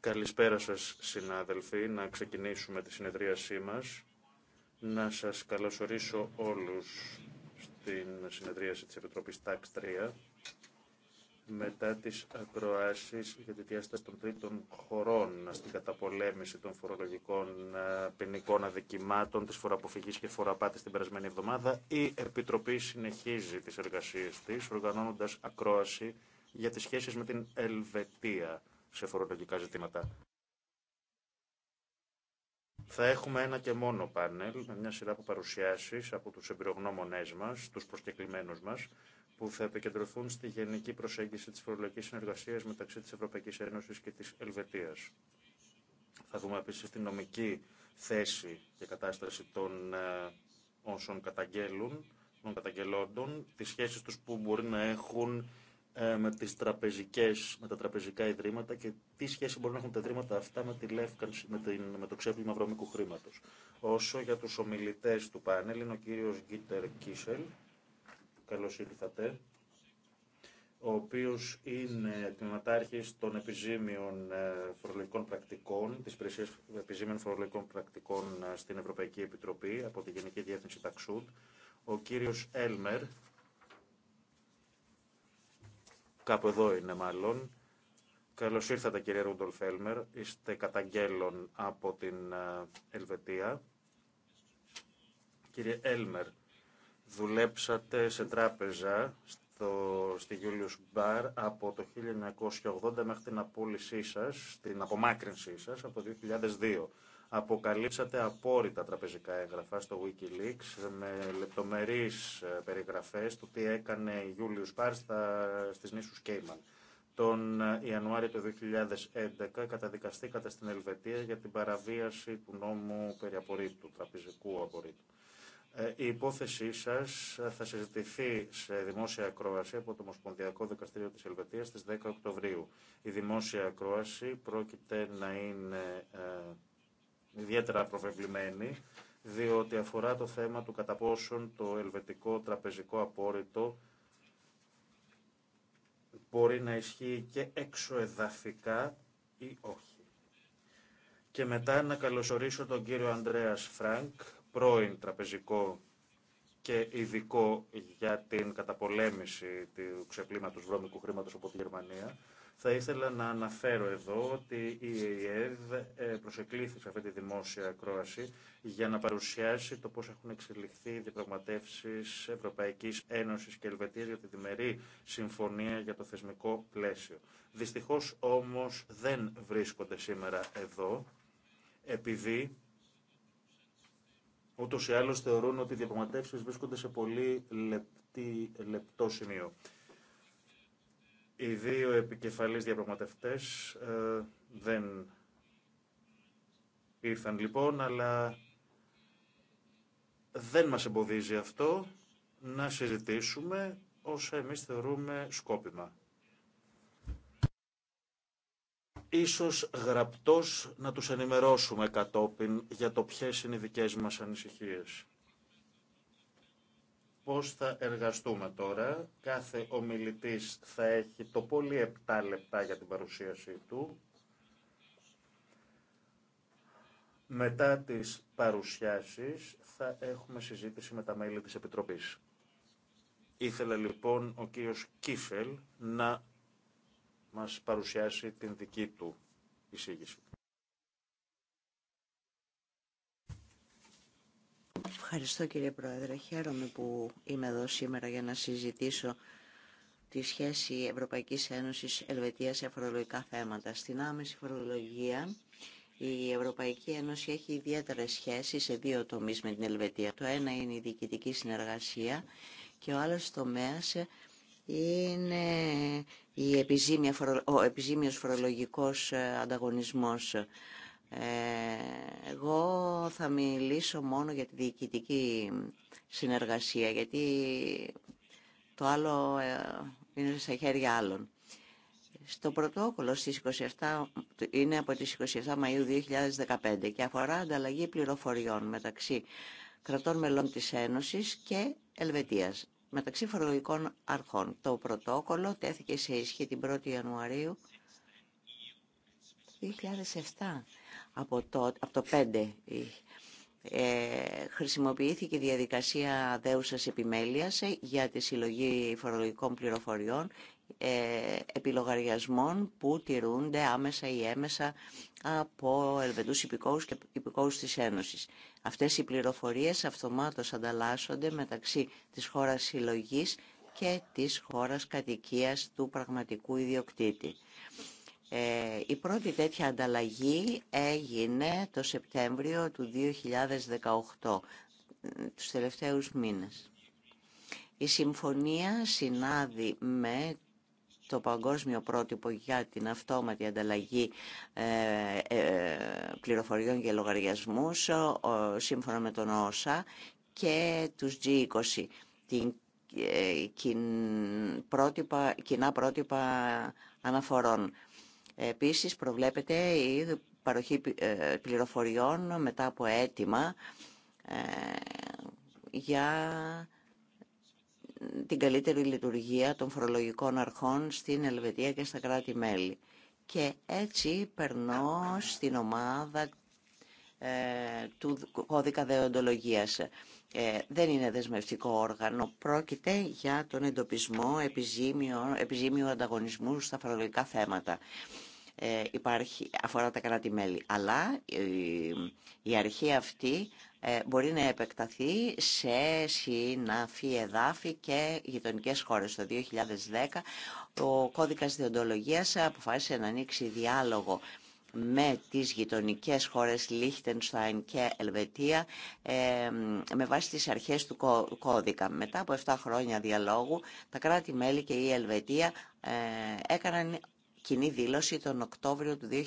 Καλησπέρα σας συνάδελφοι, να ξεκινήσουμε τη συνεδρίασή μας. Να σας καλωσορίσω όλους στην συνεδρίαση της Επιτροπής TAX 3 μετά τις ακροάσεις για τη διάσταση των τρίτων χωρών στην καταπολέμηση των φορολογικών ε, ποινικών αδικημάτων της φοροαποφυγής και φοραπάτης την περασμένη εβδομάδα, η Επιτροπή συνεχίζει τις εργασίες της, οργανώνοντας ακρόαση για τις σχέσεις με την Ελβετία σε φορολογικά ζητήματα. Θα έχουμε ένα και μόνο πάνελ, με μια σειρά από παρουσιάσεις από τους εμπειρογνώμονές μας, τους προσκεκλημένους μας, που θα επικεντρωθούν στη γενική προσέγγιση της φορολογικής συνεργασίας μεταξύ της Ευρωπαϊκής Ένωσης και της Ελβετίας. Θα δούμε επίσης τη νομική θέση και κατάσταση των ε, όσων καταγγέλουν, των καταγγελόντων, τις σχέσεις τους που μπορεί να έχουν ε, με, τις τραπεζικές, με τα τραπεζικά ιδρύματα και τι σχέση μπορούν να έχουν τα ιδρύματα αυτά με, τη λεύκανση, με, την, με το ξέπλυμα βρώμικου χρήματο. Όσο για τους ομιλητές του πάνελ είναι ο κύριος Γκίτερ Κίσελ, καλώς ήρθατε, ο οποίος είναι τμήματάρχης των επιζήμιων ε, φορολογικών πρακτικών, της υπηρεσίας επιζήμιων φορολογικών πρακτικών ε, στην Ευρωπαϊκή Επιτροπή από τη Γενική Διεύθυνση Ταξούτ, ο κύριος Έλμερ, Κάπου εδώ είναι μάλλον. Καλώ ήρθατε κύριε Ρούντολφ Έλμερ. Είστε καταγγέλων από την ε, Ελβετία. Κύριε Έλμερ, δουλέψατε σε τράπεζα στο, στη Julius Bar από το 1980 μέχρι την απόλυσή σας, την απομάκρυνσή σας από το 2002. Αποκαλύψατε απόρριτα τραπεζικά έγγραφα στο Wikileaks με λεπτομερείς ε, περιγραφές του τι έκανε η Γιούλιου στις νήσους Κέιμαν. Τον ε, Ιανουάριο του 2011 καταδικαστήκατε στην Ελβετία για την παραβίαση του νόμου περί απορρίτου, τραπεζικού απορρίτου. Ε, η υπόθεσή σας θα συζητηθεί σε δημόσια ακρόαση από το Μοσπονδιακό Δικαστήριο της Ελβετίας στις 10 Οκτωβρίου. Η δημόσια ακρόαση πρόκειται να είναι ιδιαίτερα προβεβλημένη, διότι αφορά το θέμα του κατά πόσον το ελβετικό τραπεζικό απόρριτο μπορεί να ισχύει και εξωεδαφικά ή όχι. Και μετά να καλωσορίσω τον κύριο Ανδρέας Φρανκ, πρώην τραπεζικό και ειδικό για την καταπολέμηση του ξεπλήματος βρώμικου χρήματος από τη Γερμανία, θα ήθελα να αναφέρω εδώ ότι η ΕΕΔ ε, προσεκλήθη σε αυτή τη δημόσια ακρόαση για να παρουσιάσει το πώς έχουν εξελιχθεί οι διαπραγματεύσεις Ευρωπαϊκής Ένωσης και Ελβετίας για τη διμερή συμφωνία για το θεσμικό πλαίσιο. Δυστυχώς όμως δεν βρίσκονται σήμερα εδώ επειδή ούτως ή άλλως θεωρούν ότι οι διαπραγματεύσεις βρίσκονται σε πολύ λεπτή, λεπτό σημείο. Οι δύο επικεφαλείς διαπραγματευτές ε, δεν ήρθαν λοιπόν, αλλά δεν μας εμποδίζει αυτό να συζητήσουμε όσα εμείς θεωρούμε σκόπιμα. Ίσως γραπτός να τους ενημερώσουμε κατόπιν για το ποιες είναι οι δικές μας ανησυχίες πώς θα εργαστούμε τώρα. Κάθε ομιλητής θα έχει το πολύ 7 λεπτά για την παρουσίασή του. Μετά τις παρουσιάσεις θα έχουμε συζήτηση με τα μέλη της Επιτροπής. Ήθελε λοιπόν ο κύριος Κίφελ να μας παρουσιάσει την δική του εισήγηση. Ευχαριστώ κύριε Πρόεδρε. Χαίρομαι που είμαι εδώ σήμερα για να συζητήσω τη σχέση Ευρωπαϊκής Ένωσης Ελβετίας σε φορολογικά θέματα. Στην άμεση φορολογία η Ευρωπαϊκή Ένωση έχει ιδιαίτερες σχέσεις σε δύο τομείς με την Ελβετία. Το ένα είναι η διοικητική συνεργασία και ο άλλος τομέας είναι η επιζήμια, ο επιζήμιος φορολογικός ε, ανταγωνισμός. Ε, εγώ θα μιλήσω μόνο για τη διοικητική συνεργασία, γιατί το άλλο ε, είναι στα χέρια άλλων. Στο πρωτόκολλο στις 27, είναι από τις 27 Μαΐου 2015 και αφορά ανταλλαγή πληροφοριών μεταξύ κρατών μελών της Ένωσης και Ελβετίας, μεταξύ φορολογικών αρχών. Το πρωτόκολλο τέθηκε σε ισχύ την 1η Ιανουαρίου 2007 από το, από το 5 ε, χρησιμοποιήθηκε η διαδικασία δέουσας επιμέλειας ε, για τη συλλογή φορολογικών πληροφοριών ε, επιλογαριασμών που τηρούνται άμεσα ή έμεσα από Ελβετούς υπηκόους και υπηκόους της Ένωσης. Αυτές οι πληροφορίες αυτομάτως ανταλλάσσονται μεταξύ της χώρας συλλογής και της χώρας κατοικίας του πραγματικού ιδιοκτήτη. Ε, η πρώτη τέτοια ανταλλαγή έγινε το Σεπτέμβριο του 2018, ε, τους τελευταίους μήνες. Η συμφωνία συνάδει με το παγκόσμιο πρότυπο για την αυτόματη ανταλλαγή ε, πληροφοριών και λογαριασμούς σύμφωνα με τον ΩΣΑ και τους G20, την πρότυπα, κοινά πρότυπα αναφορών. Επίσης προβλέπεται η παροχή ε, πληροφοριών μετά από αίτημα ε, για την καλύτερη λειτουργία των φορολογικών αρχών στην Ελβετία και στα κράτη-μέλη. Και έτσι περνώ στην ομάδα ε, του κώδικα δεοντολογίας. Ε, δεν είναι δεσμευτικό όργανο. Πρόκειται για τον εντοπισμό επιζήμιο, επιζήμιου ανταγωνισμού στα φορολογικά θέματα. Ε, υπάρχει, αφορά τα κράτη-μέλη. Αλλά η, αρχή αυτή ε, μπορεί να επεκταθεί σε συναφή εδάφη και γειτονικέ χώρες. Το 2010 ο κώδικας διοντολογίας αποφάσισε να ανοίξει διάλογο με τις γειτονικές χώρες Λίχτενστάιν και Ελβετία ε, με βάση τις αρχές του κώδικα. Μετά από 7 χρόνια διαλόγου, τα κράτη-μέλη και η Ελβετία ε, έκαναν κοινή δήλωση τον Οκτώβριο του 2014.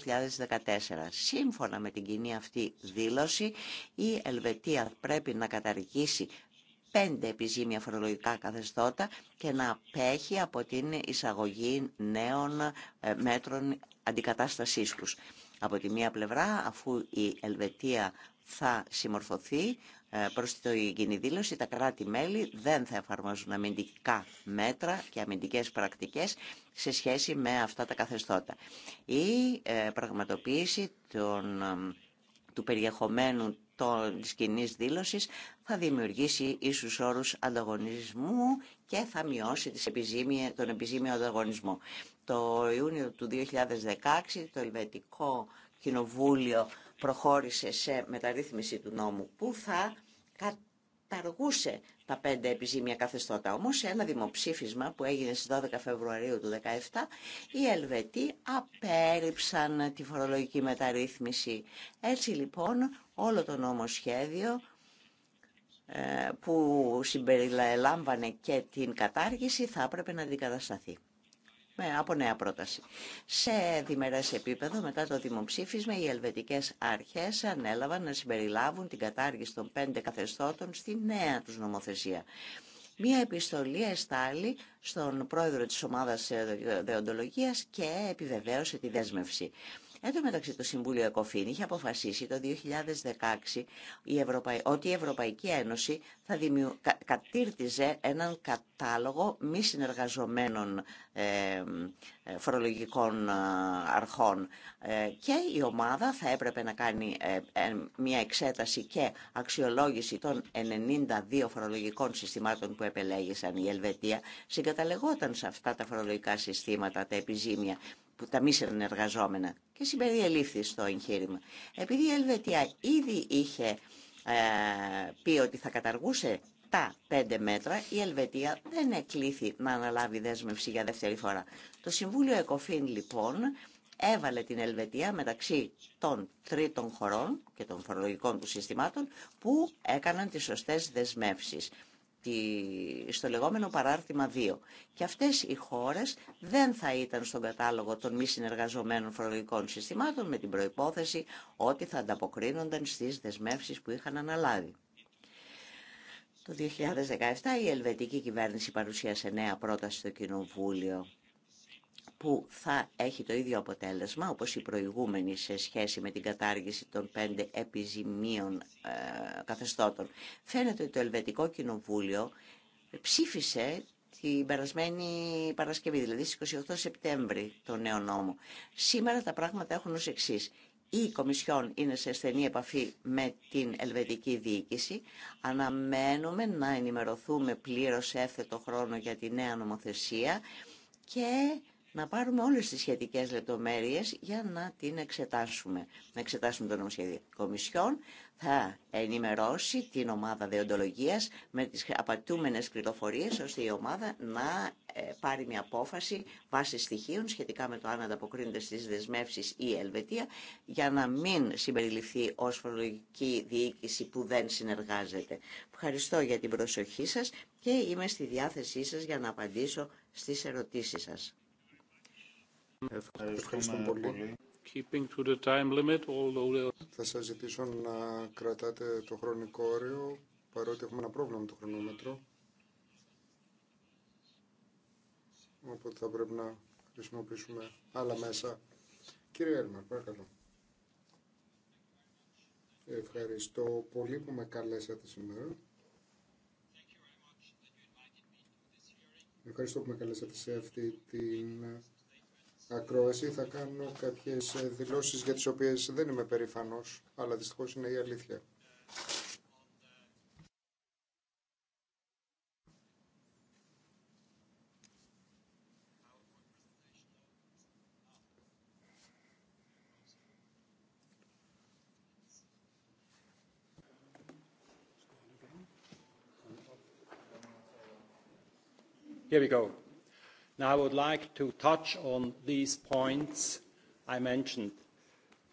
Σύμφωνα με την κοινή αυτή δήλωση, η Ελβετία πρέπει να καταργήσει πέντε επιζήμια φορολογικά καθεστώτα και να απέχει από την εισαγωγή νέων ε, μέτρων αντικατάστασής τους. Από τη μία πλευρά, αφού η Ελβετία θα συμμορφωθεί ε, προς το κοινή δήλωση, τα κράτη-μέλη δεν θα εφαρμόζουν αμυντικά μέτρα και αμυντικές πρακτικές σε σχέση με αυτά τα καθεστώτα. Η ε, πραγματοποίηση των, ε, του περιεχομένου της κοινή δήλωσης θα δημιουργήσει ίσους όρους ανταγωνισμού και θα μειώσει τον επιζήμιο ανταγωνισμό. Το Ιούνιο του 2016 το Ελβετικό Κοινοβούλιο προχώρησε σε μεταρρύθμιση του νόμου που θα καταργούσε τα πέντε επιζήμια καθεστώτα. Όμως σε ένα δημοψήφισμα που έγινε στις 12 Φεβρουαρίου του 2017 οι Ελβετοί απέρριψαν τη φορολογική μεταρρύθμιση. Έτσι λοιπόν όλο το νομοσχέδιο ε, που συμπεριλάμβανε και την κατάργηση θα έπρεπε να αντικατασταθεί με, ναι, από νέα πρόταση. Σε διμερές επίπεδο, μετά το δημοψήφισμα, οι ελβετικές αρχές ανέλαβαν να συμπεριλάβουν την κατάργηση των πέντε καθεστώτων στη νέα τους νομοθεσία. Μία επιστολή εστάλει στον πρόεδρο της ομάδας δεοντολογίας και επιβεβαίωσε τη δέσμευση. Εν τω μεταξύ το Συμβούλιο ΕΚΟΦΗΝ είχε αποφασίσει το 2016 η ότι η Ευρωπαϊκή Ένωση θα δημιου... κατήρτιζε έναν κατάλογο μη συνεργαζομένων ε... ε φορολογικών ε, αρχών ε, και η ομάδα θα έπρεπε να κάνει μια εξέταση και αξιολόγηση των 92 φορολογικών συστημάτων που επελέγησαν η Ελβετία συγκαταλεγόταν σε αυτά τα φορολογικά συστήματα, τα επιζήμια που τα μη συνεργαζόμενα και συμπεριελήφθη στο εγχείρημα. Επειδή η Ελβετία ήδη είχε ε, πει ότι θα καταργούσε τα πέντε μέτρα, η Ελβετία δεν εκλήθη να αναλάβει δέσμευση για δεύτερη φορά. Το Συμβούλιο ΕΚΟΦΗΝ λοιπόν έβαλε την Ελβετία μεταξύ των τρίτων χωρών και των φορολογικών του συστημάτων που έκαναν τις σωστές δεσμεύσεις στο λεγόμενο παράρτημα 2. Και αυτές οι χώρες δεν θα ήταν στον κατάλογο των μη συνεργαζομένων φορολογικών συστημάτων με την προϋπόθεση ότι θα ανταποκρίνονταν στις δεσμεύσεις που είχαν αναλάβει. Το 2017 η ελβετική κυβέρνηση παρουσίασε νέα πρόταση στο Κοινοβούλιο που θα έχει το ίδιο αποτέλεσμα όπως η προηγούμενη σε σχέση με την κατάργηση των πέντε επιζημίων ε, καθεστώτων. Φαίνεται ότι το Ελβετικό Κοινοβούλιο ψήφισε την περασμένη Παρασκευή, δηλαδή στις 28 Σεπτέμβρη, το νέο νόμο. Σήμερα τα πράγματα έχουν ως εξή. Η Κομισιόν είναι σε στενή επαφή με την Ελβετική Διοίκηση. Αναμένουμε να ενημερωθούμε πλήρως έφθετο χρόνο για τη νέα νομοθεσία και να πάρουμε όλες τις σχετικές λεπτομέρειες για να την εξετάσουμε. Να εξετάσουμε το νομοσχέδιο κομισιόν, θα ενημερώσει την ομάδα δεοντολογίας με τις απατούμενες πληροφορίες, ώστε η ομάδα να ε, πάρει μια απόφαση βάσει στοιχείων σχετικά με το αν ανταποκρίνεται στις δεσμεύσεις η Ελβετία, για να μην συμπεριληφθεί ως φορολογική διοίκηση που δεν συνεργάζεται. Ευχαριστώ για την προσοχή σας και είμαι στη διάθεσή σας για να απαντήσω στις ερωτήσεις σας. Ευχαριστούμε πολύ. Keeping to the time limit, although... Θα σας ζητήσω να κρατάτε το χρονικό όριο, παρότι έχουμε ένα πρόβλημα με το χρονόμετρο. Οπότε θα πρέπει να χρησιμοποιήσουμε άλλα μέσα. Κύριε Έλμαρ, παρακαλώ. Ευχαριστώ πολύ που με καλέσατε σήμερα. Ευχαριστώ που με καλέσατε σε αυτή την ακρόαση θα κάνω κάποιες ε, δηλώσεις για τις οποίες δεν είμαι περήφανος, αλλά δυστυχώς είναι η αλήθεια. Here we go. Now I would like to touch on these points I mentioned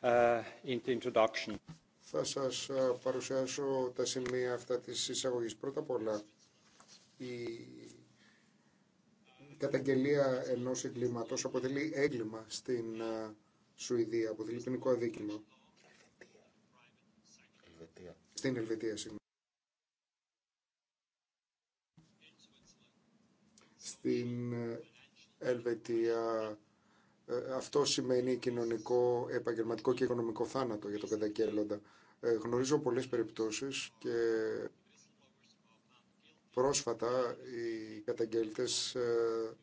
uh, in the introduction. Θα σας ε, παρουσιάσω τα σημεία αυτά της εισαγωγής. Πρώτα απ' όλα, η καταγγελία ενός εγκλήματος αποτελεί έγκλημα στην ε, Σουηδία, αποτελεί ποινικό αδίκημα. Ελβετία. Στην Ελβετία, συγγνώμη. Στην ε, Ελβετία. Ε, αυτό σημαίνει κοινωνικό, επαγγελματικό και οικονομικό θάνατο για τον κατακέλλοντα. Ε, γνωρίζω πολλές περιπτώσεις και πρόσφατα οι καταγγέλτες ε,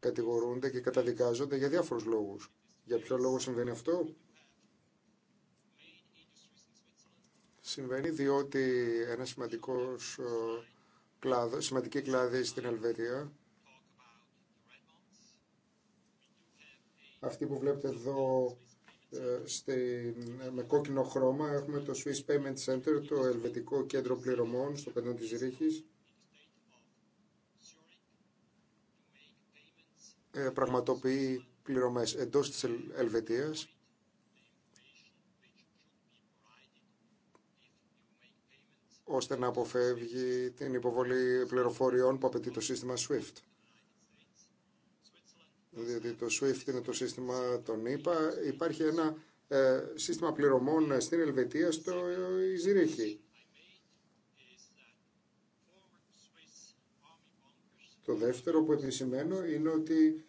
κατηγορούνται και καταδικάζονται για διάφορους λόγους. Για ποιο λόγο συμβαίνει αυτό? Συμβαίνει διότι ένα σημαντικός κλάδο, σημαντική κλάδη στην Ελβετία Αυτή που βλέπετε εδώ ε, στη, με κόκκινο χρώμα έχουμε το Swiss Payment Center, το ελβετικό κέντρο πληρωμών στο περνό της Ρήχης. Ε, πραγματοποιεί πληρωμές εντός της Ελβετίας. ώστε να αποφεύγει την υποβολή πληροφοριών που απαιτεί το σύστημα SWIFT διότι το SWIFT είναι το σύστημα των ΗΠΑ. Υπάρχει ένα ε, σύστημα πληρωμών στην Ελβετία, στο Ιζήριχη. Το δεύτερο που επισημαίνω είναι ότι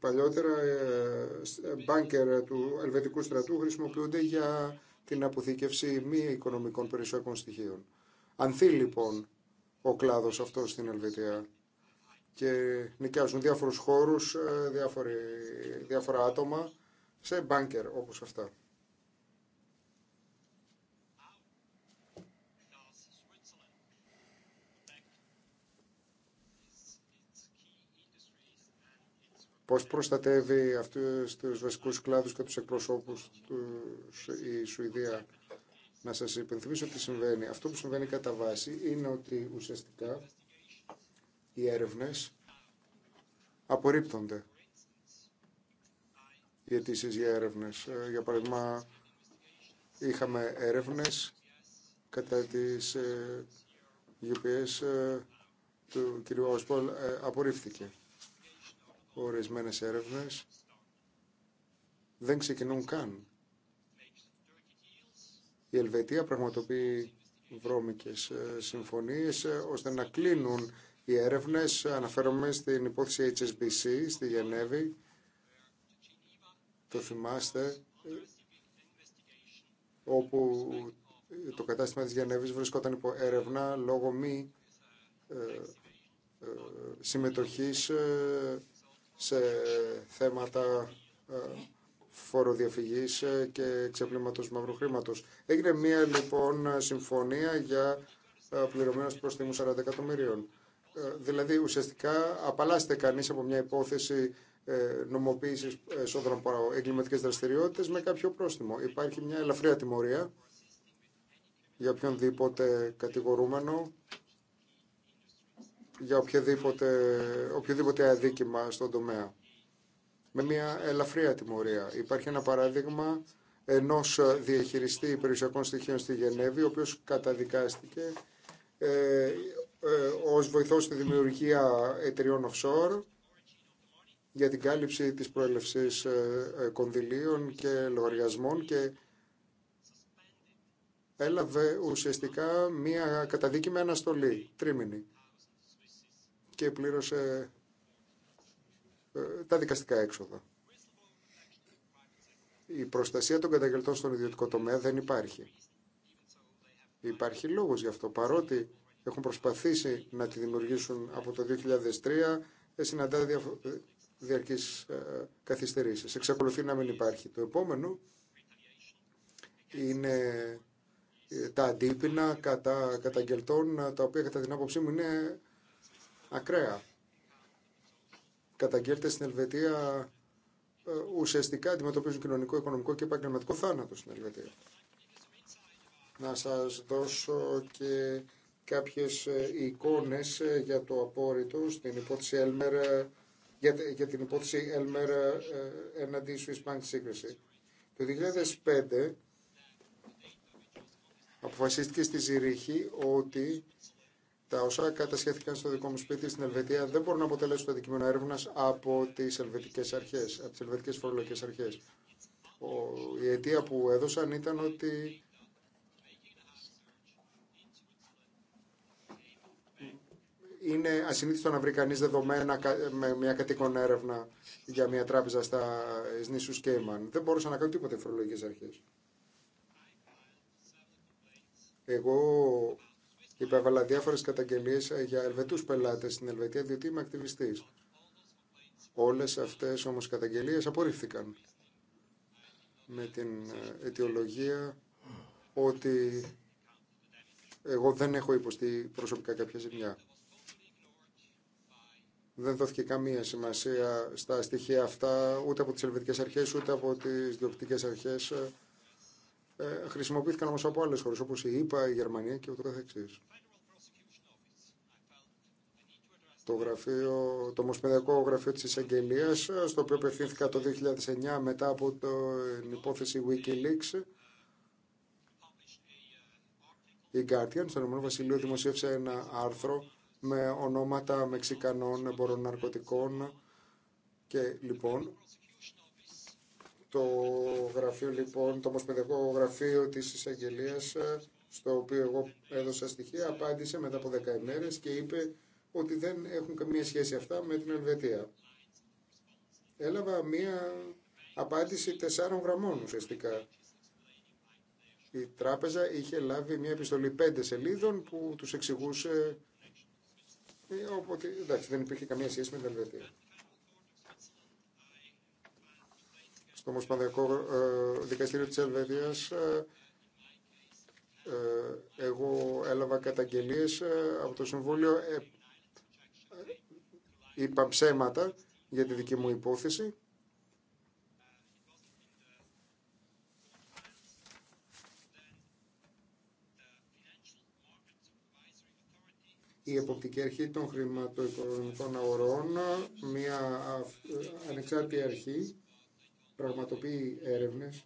παλιότερα ε, ε, μπάνκερ του ελβετικού στρατού χρησιμοποιούνται για την αποθήκευση μη οικονομικών περισσότερων στοιχείων. Ανθεί λοιπόν ο κλάδος αυτός στην Ελβετία και νοικιάζουν διάφορους χώρους, ε, διάφοροι, διάφορα άτομα σε μπάνκερ όπως αυτά. Πώς προστατεύει αυτούς τους βασικούς κλάδους και τους εκπροσώπους τους η Σουηδία. Να σας υπενθυμίσω τι συμβαίνει. Αυτό που συμβαίνει κατά βάση είναι ότι ουσιαστικά οι έρευνες απορρίπτονται. Οι αιτήσει για έρευνες. Ε, για παράδειγμα, είχαμε έρευνες κατά τις UPS ε, ε, του κ. Όσπολ απορρίφθηκε. Ορισμένες έρευνες δεν ξεκινούν καν. Η Ελβετία πραγματοποιεί βρώμικες συμφωνίες ώστε να κλείνουν οι έρευνες αναφέρομαι στην υπόθεση HSBC στη Γενέβη. Το θυμάστε όπου το κατάστημα της Γενέβης βρισκόταν υπό έρευνα λόγω μη ε, ε συμμετοχής ε, σε θέματα ε, φοροδιαφυγής και ξεπλήματο μαύρου χρήματος. Έγινε μία λοιπόν συμφωνία για προς τιμού 40 εκατομμυρίων. Ε, δηλαδή ουσιαστικά απαλλάσσεται κανείς από μια υπόθεση ε, νομοποίησης ε, εσόδων από εγκληματικές δραστηριότητες με κάποιο πρόστιμο. Υπάρχει μια ελαφρία τιμωρία για οποιονδήποτε κατηγορούμενο για οποιοδήποτε, οποιοδήποτε αδίκημα στον τομέα. Με μια ελαφρία τιμωρία. Υπάρχει ένα παράδειγμα ενό διαχειριστή περιουσιακών στοιχείων στη Γενέβη, ο οποίο καταδικάστηκε ε, ε, ως βοηθός στη δημιουργία εταιριών offshore για την κάλυψη της προέλευσης ε, ε, κονδυλίων και λογαριασμών και έλαβε ουσιαστικά μία καταδίκη με αναστολή, τρίμηνη και πλήρωσε τα δικαστικά έξοδα. Η προστασία των καταγγελτών στον ιδιωτικό τομέα δεν υπάρχει. Υπάρχει λόγος γι' αυτό, παρότι έχουν προσπαθήσει να τη δημιουργήσουν από το 2003 ε, συναντά ε, διαρκείς ε, καθυστερήσεις. Εξακολουθεί να μην υπάρχει. Το επόμενο είναι τα αντίπεινα κατά καταγγελτών, τα οποία κατά την άποψή μου είναι ακραία. Καταγγέλτε στην Ελβετία ουσιαστικά αντιμετωπίζουν κοινωνικό, οικονομικό και επαγγελματικό θάνατο στην Ελβετία. Να σας δώσω και κάποιες ε, εικόνες ε, για το απόρριτο στην υπόθεση ε, για, για την υπόθεση Έλμερ εναντί Swiss Bank Secrecy. Το 2005 αποφασίστηκε στη Ζηρίχη ότι τα όσα κατασχέθηκαν στο δικό μου σπίτι στην Ελβετία δεν μπορούν να αποτελέσουν το αντικείμενο έρευνα από τι ελβετικέ αρχέ, από τι ελβετικέ φορολογικέ αρχέ. Η αιτία που έδωσαν ήταν ότι είναι ασυνήθιστο να βρει κανεί δεδομένα με μια κατοικών έρευνα για μια τράπεζα στα νήσου Κέιμαν. Δεν μπορούσαν να κάνουν τίποτα οι φορολογικέ αρχέ. Εγώ υπέβαλα διάφορε καταγγελίε ε, για Ελβετού πελάτε στην Ελβετία, διότι είμαι ακτιβιστή. Όλε αυτέ όμω οι καταγγελίε απορρίφθηκαν με την ε, αιτιολογία ότι εγώ δεν έχω υποστεί προσωπικά κάποια ζημιά δεν δόθηκε καμία σημασία στα στοιχεία αυτά ούτε από τις ελβετικές αρχές ούτε από τις διοπτικές αρχές. Ε, ε χρησιμοποιήθηκαν όμως από άλλες χώρες όπως η ΕΠΑ, η Γερμανία και ούτω καθεξής. Το, γραφείο, το Ομοσπονδιακό Γραφείο της Εισαγγελίας, στο οποίο απευθύνθηκα το 2009 μετά από την υπόθεση Wikileaks, η Guardian, στον Ηνωμένο Βασιλείο, δημοσίευσε ένα άρθρο με ονόματα Μεξικανών εμπορών ναρκωτικών και λοιπόν το γραφείο λοιπόν, το Ομοσπονδιακό Γραφείο της εισαγγελία, ε, στο οποίο εγώ έδωσα στοιχεία, απάντησε μετά από 10 ημέρες και είπε ότι δεν έχουν καμία σχέση αυτά με την Ελβετία. Έλαβα μία απάντηση τεσσάρων γραμμών ουσιαστικά. Η τράπεζα είχε λάβει μία επιστολή πέντε σελίδων που τους εξηγούσε ε, οπότε, εντάξει, δεν υπήρχε καμία σχέση με την Ελβετία. Στο Ομοσπονδιακό ε, Δικαστήριο της Ελβετίας ε, εγώ έλαβα καταγγελίες από το Συμβούλιο είπα ψέματα για τη δική μου υπόθεση η εποπτική αρχή των χρηματοοικονομικών αγορών, μια ανεξάρτητη αρχή, πραγματοποιεί έρευνες,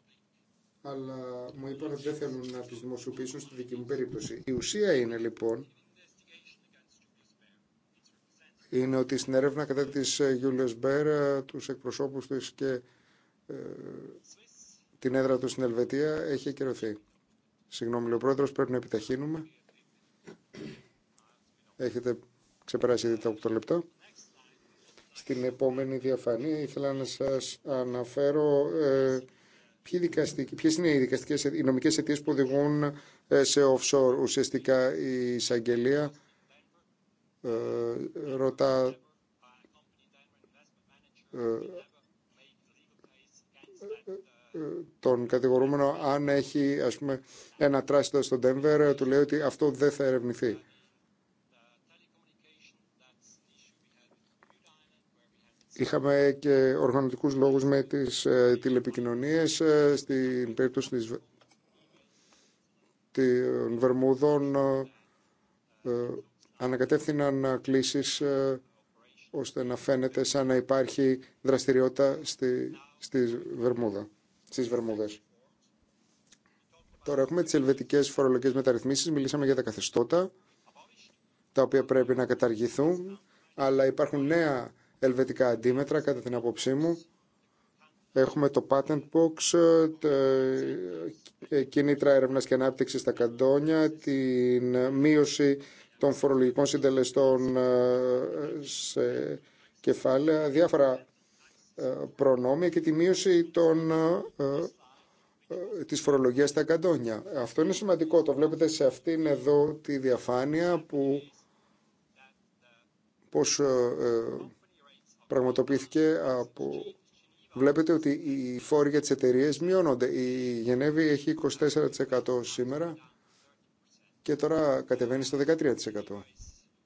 αλλά μου είπαν ότι δεν θέλουν να τις δημοσιοποιήσουν στη δική μου περίπτωση. Η ουσία είναι λοιπόν είναι ότι στην έρευνα κατά της ε, Γιούλες Μπέρ, ε, τους εκπροσώπους της και ε, την έδρα του στην Ελβετία έχει ακυρωθεί. Συγγνώμη, ο πρόεδρος, πρέπει να επιταχύνουμε. Έχετε ξεπεράσει ήδη τα 8 λεπτά. Στην επόμενη διαφανή ήθελα να σας αναφέρω ε, ποιες είναι οι, δικαστικές, οι νομικές αιτίες που οδηγούν ε, σε offshore. Ουσιαστικά η εισαγγελία ε, ρωτά ε, ε, τον κατηγορούμενο αν έχει ας πούμε, ένα τράστιο στο Denver του λέει ότι αυτό δεν θα ερευνηθεί. Είχαμε και οργανωτικούς λόγους με τις ε, τηλεπικοινωνίες ε, στην περίπτωση της, των Βερμούδων ε, ανακατεύθυναν κλήσεις ώστε να φαίνεται σαν να υπάρχει δραστηριότητα στη, στη Βερμούδα, στις Βερμούδες. Τώρα έχουμε τις ελβετικές φορολογικές μεταρρυθμίσεις. Μιλήσαμε για τα καθεστώτα, τα οποία πρέπει να καταργηθούν, αλλά υπάρχουν νέα ελβετικά αντίμετρα, κατά την άποψή μου. Έχουμε το Patent Box, ε, ε, κίνητρα έρευνα και ανάπτυξη στα καντόνια, την μείωση των φορολογικών συντελεστών ε, σε κεφάλαια, διάφορα προνόμια και τη μείωση των, της φορολογίας στα καντόνια. Αυτό είναι σημαντικό. Το βλέπετε σε αυτήν εδώ τη διαφάνεια που πως πραγματοποιήθηκε από... Βλέπετε ότι οι φόροι για τις εταιρείε μειώνονται. Η Γενέβη έχει 24% σήμερα και τώρα κατεβαίνει στο 13%.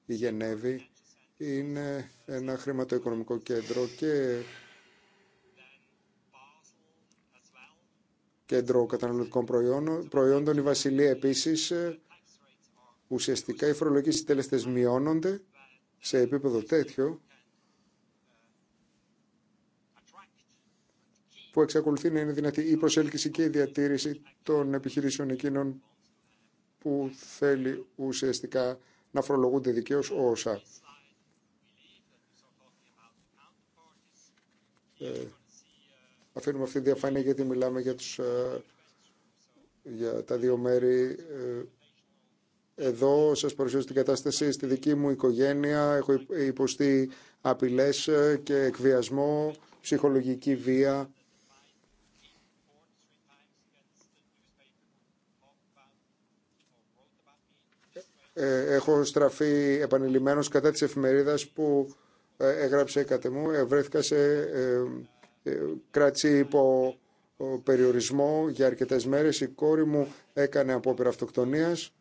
Η Γενέβη είναι ένα χρηματοοικονομικό κέντρο και κέντρο καταναλωτικών προϊόντων. προϊόντων. Η Βασιλεία επίσης ε, ουσιαστικά οι φορολογικοί συντελεστές μειώνονται σε επίπεδο τέτοιο που εξακολουθεί να είναι δυνατή η προσέλκυση και η διατήρηση των επιχειρήσεων εκείνων που θέλει ουσιαστικά να φορολογούνται δικαίως όσα. Ε, αφήνουμε αυτή τη διαφάνεια γιατί μιλάμε για, τους, ε, για τα δύο μέρη. Ε, εδώ σας παρουσιάζω την κατάσταση στη δική μου οικογένεια. Έχω υποστεί απειλές και εκβιασμό, ψυχολογική βία Ε, έχω στραφεί επανειλημμένως κατά της εφημερίδας που ε, έγραψε κατεμού. μου. Ε, βρέθηκα σε κράτηση υπό περιορισμό για αρκετές μέρες. Η κόρη μου έκανε απόπειρα αυτοκτονίας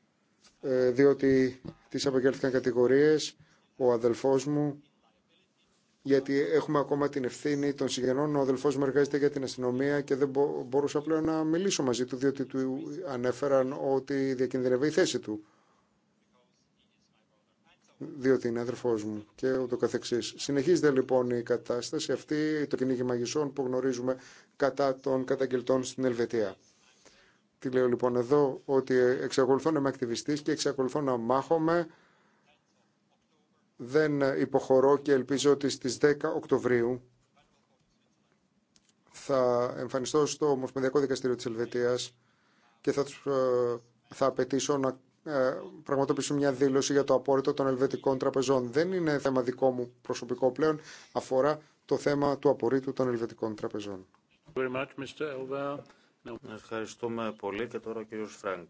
διότι της απαγγέλθηκαν κατηγορίες ο αδελφός μου γιατί έχουμε ακόμα την ευθύνη των συγγενών. Ο αδελφός μου εργάζεται για την αστυνομία και δεν μπορούσα πλέον να μιλήσω μαζί του διότι του ανέφεραν ότι διακινδυνεύει η θέση του διότι είναι αδερφό μου και ούτω καθεξής. Συνεχίζεται λοιπόν η κατάσταση αυτή, το κυνήγι μαγισσών που γνωρίζουμε κατά των καταγγελτών στην Ελβετία. Τι λέω λοιπόν εδώ, ότι εξακολουθώ να είμαι ακτιβιστή και εξακολουθώ να μάχομαι. Δεν υποχωρώ και ελπίζω ότι στις 10 Οκτωβρίου θα εμφανιστώ στο Ομοσπονδιακό Δικαστήριο της Ελβετίας και θα, ε, θα απαιτήσω να ε, Πραγματοποιήσουμε μια δήλωση για το απόρριτο των ελβετικών τραπεζών. Δεν είναι θέμα δικό μου προσωπικό πλέον, αφορά το θέμα του απορρίτου των ελβετικών τραπεζών. Ευχαριστούμε πολύ και τώρα ο κύριος Φρανκ.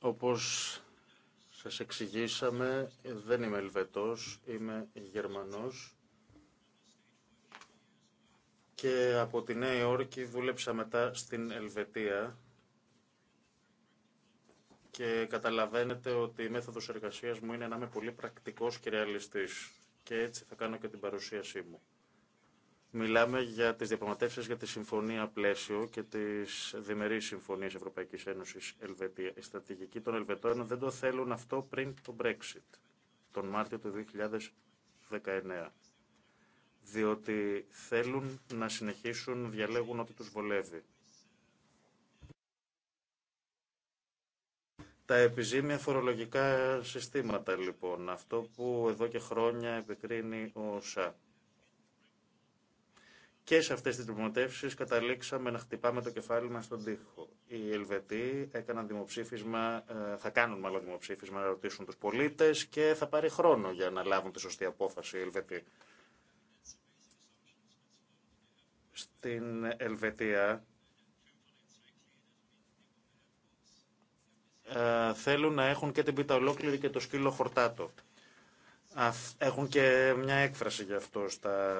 Όπως σας εξηγήσαμε, δεν είμαι Ελβετός, είμαι Γερμανός και από τη Νέα Υόρκη δούλεψα μετά στην Ελβετία και καταλαβαίνετε ότι η μέθοδος εργασίας μου είναι να είμαι πολύ πρακτικός και ρεαλιστής και έτσι θα κάνω και την παρουσίασή μου. Μιλάμε για τις διαπραγματεύσεις για τη Συμφωνία Πλαίσιο και τις διμερείς συμφωνίες Ευρωπαϊκής Ένωσης Ελβετία. Η στρατηγική των Ελβετών δεν το θέλουν αυτό πριν το Brexit, τον Μάρτιο του 2019 διότι θέλουν να συνεχίσουν διαλέγουν ό,τι τους βολεύει. Τα επιζήμια φορολογικά συστήματα λοιπόν, αυτό που εδώ και χρόνια επικρίνει ο ΣΑ. Και σε αυτές τις δημοτεύσεις καταλήξαμε να χτυπάμε το κεφάλι μας στον τοίχο. Οι Ελβετοί έκαναν δημοψήφισμα, ε, θα κάνουν μάλλον δημοψήφισμα να ρωτήσουν τους πολίτες και θα πάρει χρόνο για να λάβουν τη σωστή απόφαση οι Ελβετοί. Στην Ελβετία ε, θέλουν να έχουν και την πίτα ολόκληρη και το σκύλο χορτάτο. Έχουν και μια έκφραση γι' αυτό στα,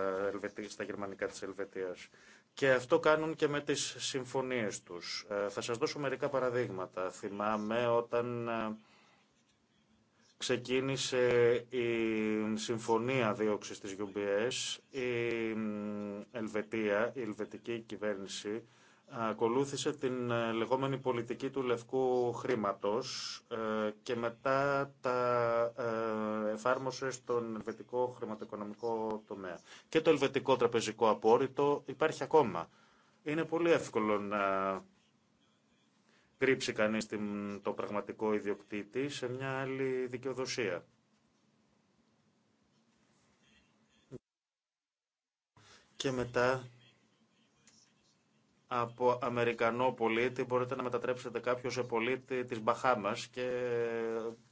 στα γερμανικά της Ελβετίας. Και αυτό κάνουν και με τις συμφωνίες τους. Ε, θα σας δώσω μερικά παραδείγματα. Θυμάμαι όταν ε, ξεκίνησε η συμφωνία δίωξης της UBS, η Ελβετία, η ελβετική κυβέρνηση, ακολούθησε την ε, λεγόμενη πολιτική του λευκού χρήματος ε, και μετά τα ε, εφάρμοσε στον ελβετικό χρηματοοικονομικό τομέα. Και το ελβετικό τραπεζικό απόρριτο υπάρχει ακόμα. Είναι πολύ εύκολο να κρύψει κανείς το πραγματικό ιδιοκτήτη σε μια άλλη δικαιοδοσία. Και μετά από Αμερικανό πολίτη μπορείτε να μετατρέψετε κάποιο σε πολίτη της Μπαχάμας και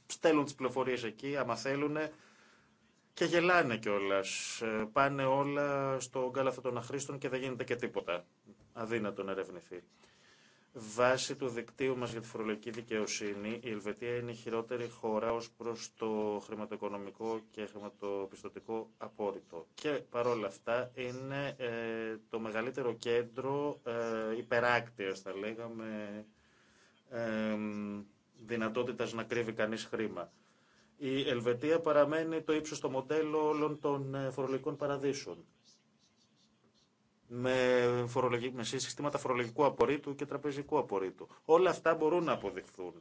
στέλνουν τις πληροφορίες εκεί, άμα θέλουν και γελάνε κιόλα. Ε, πάνε όλα στον κάλαθο των αχρήστων και δεν γίνεται και τίποτα. Αδύνατο να ερευνηθεί. Βάσει του δικτύου μας για τη φορολογική δικαιοσύνη, η Ελβετία είναι η χειρότερη χώρα ως προς το χρηματοοικονομικό και χρηματοπιστωτικό απόρριτο. Και παρόλα αυτά είναι ε, το μεγαλύτερο κέντρο ε, υπεράκτειας, θα λέγαμε, ε, δυνατότητας να κρύβει κανείς χρήμα. Η Ελβετία παραμένει το στο μοντέλο όλων των ε, φορολογικών παραδείσων με, με συστήματα φορολογικού απορρίτου και τραπεζικού απορρίτου. Όλα αυτά μπορούν να αποδειχθούν.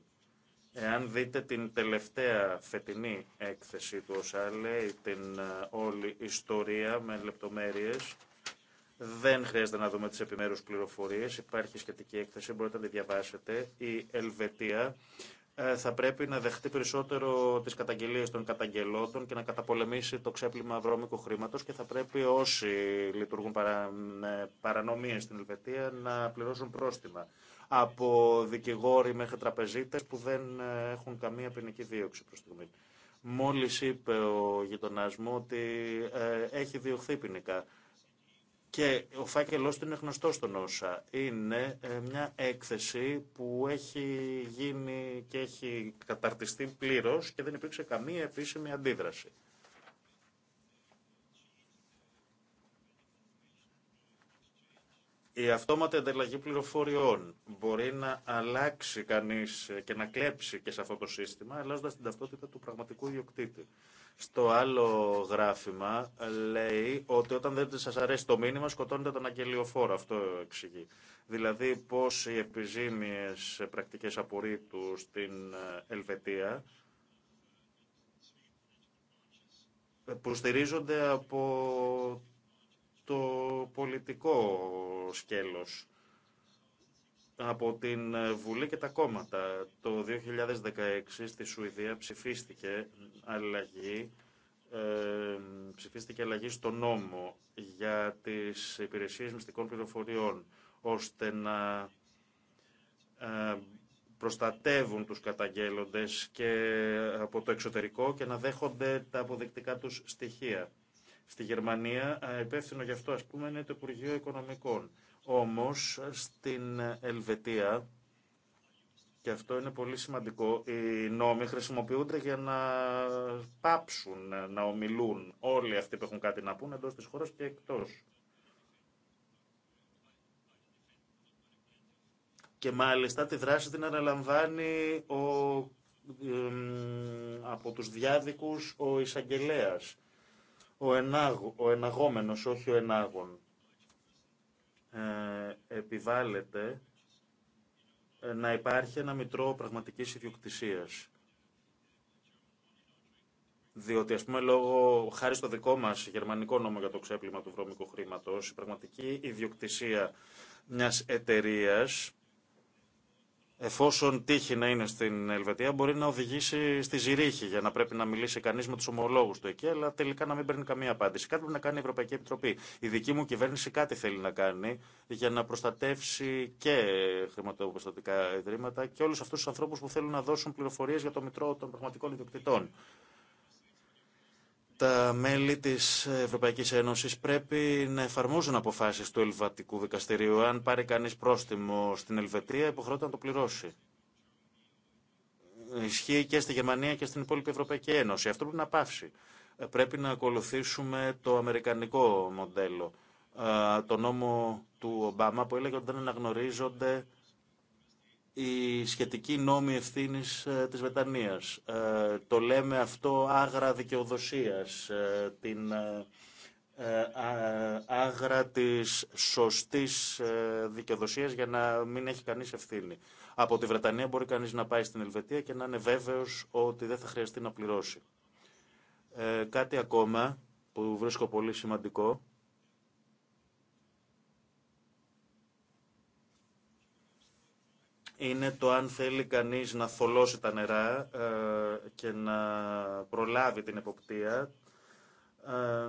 Εάν δείτε την τελευταία φετινή έκθεση του Ωσάλε, την ε, όλη ιστορία με λεπτομέρειες, δεν χρειάζεται να δούμε τις επιμέρους πληροφορίες. Υπάρχει σχετική έκθεση, μπορείτε να τη διαβάσετε. Η Ελβετία ε, θα πρέπει να δεχτεί περισσότερο τι καταγγελίε των καταγγελότων και να καταπολεμήσει το ξέπλυμα βρώμικου χρήματο και θα πρέπει όσοι λειτουργούν παρα, παρανομίε στην Ελβετία να πληρώσουν πρόστιμα. Από δικηγόροι μέχρι τραπεζίτε που δεν ε, έχουν καμία ποινική δίωξη προ στιγμή. Μόλι είπε ο γειτονά μου ότι ε, έχει διωχθεί ποινικά. Και ο φάκελό του είναι γνωστό στον Όσα. Είναι ε, μια έκθεση που έχει γίνει και έχει καταρτιστεί πλήρω και δεν υπήρξε καμία επίσημη αντίδραση. Η αυτόματη ανταλλαγή πληροφοριών μπορεί να αλλάξει κανείς και να κλέψει και σε αυτό το σύστημα, αλλάζοντα την ταυτότητα του πραγματικού ιδιοκτήτη. Στο άλλο γράφημα λέει ότι όταν δεν σας αρέσει το μήνυμα σκοτώνετε τον αγγελιοφόρο. Αυτό εξηγεί. Δηλαδή πώς οι επιζήμιες πρακτικές απορρίτου στην ε, Ελβετία που από το πολιτικό σκέλος από την ε, Βουλή και τα κόμματα. Το 2016 στη Σουηδία ψηφίστηκε αλλαγή, ψηφίστηκε αλλαγή στο νόμο για τις υπηρεσίες μυστικών πληροφοριών, ώστε να ε, προστατεύουν τους καταγγέλλοντες και ε, από το εξωτερικό και να δέχονται τα αποδεικτικά τους στοιχεία. Στη Γερμανία, υπεύθυνο γι' αυτό, ας πούμε, είναι το Υπουργείο Οικονομικών όμως στην Ελβετία, και αυτό είναι πολύ σημαντικό, οι νόμοι χρησιμοποιούνται για να πάψουν να ομιλούν όλοι αυτοί που έχουν κάτι να πούν εντός της χώρας και εκτός. Και μάλιστα τη δράση την αναλαμβάνει ο, από τους διάδικους ο εισαγγελέα. Ο, ενάγ, ο εναγόμενος, όχι ο ενάγων. Ε, επιβάλλεται ε, να υπάρχει ένα μητρό πραγματικής ιδιοκτησίας. Διότι, ας πούμε, λόγω, χάρη στο δικό μα γερμανικό νόμο για το ξέπλυμα του βρώμικου χρήματος, η πραγματική ιδιοκτησία μιας εταιρεία εφόσον τύχει να είναι στην Ελβετία, μπορεί να οδηγήσει στη Ζηρίχη για να πρέπει να μιλήσει κανεί με του ομολόγου του εκεί, αλλά τελικά να μην παίρνει καμία απάντηση. Κάτι πρέπει να κάνει η Ευρωπαϊκή Επιτροπή. Η δική μου κυβέρνηση κάτι θέλει να κάνει για να προστατεύσει και χρηματοπιστωτικά ιδρύματα και όλου αυτού του ανθρώπου που θέλουν να δώσουν πληροφορίε για το Μητρό των Πραγματικών Ιδιοκτητών τα μέλη της Ευρωπαϊκής Ένωσης πρέπει να εφαρμόζουν αποφάσεις του Ελβατικού Δικαστηρίου. Αν πάρει κανείς πρόστιμο στην Ελβετία, υποχρεώται να το πληρώσει. Ισχύει και στη Γερμανία και στην υπόλοιπη Ευρωπαϊκή Ένωση. Αυτό πρέπει να πάυσει. Ε, πρέπει να ακολουθήσουμε το αμερικανικό μοντέλο, το νόμο του Ομπάμα που έλεγε ότι δεν αναγνωρίζονται η σχετική νόμη ευθύνη ε, της Ε, Το λέμε αυτό άγρα δικαιοδοσίας, ε, την ε, άγρα της σωστής δικαιοδοσία για να μην έχει κάνει ευθύνη. Από τη Βρετανία μπορεί κανείς να πάει στην Ελβετία και να είναι βέβαιος ότι δεν θα χρειαστεί να πληρώσει. Κάτι ακόμα που βρίσκω πολύ σημαντικό είναι το αν θέλει κανείς να θολώσει τα νερά ε, και να προλάβει την εποπτεία. Ε,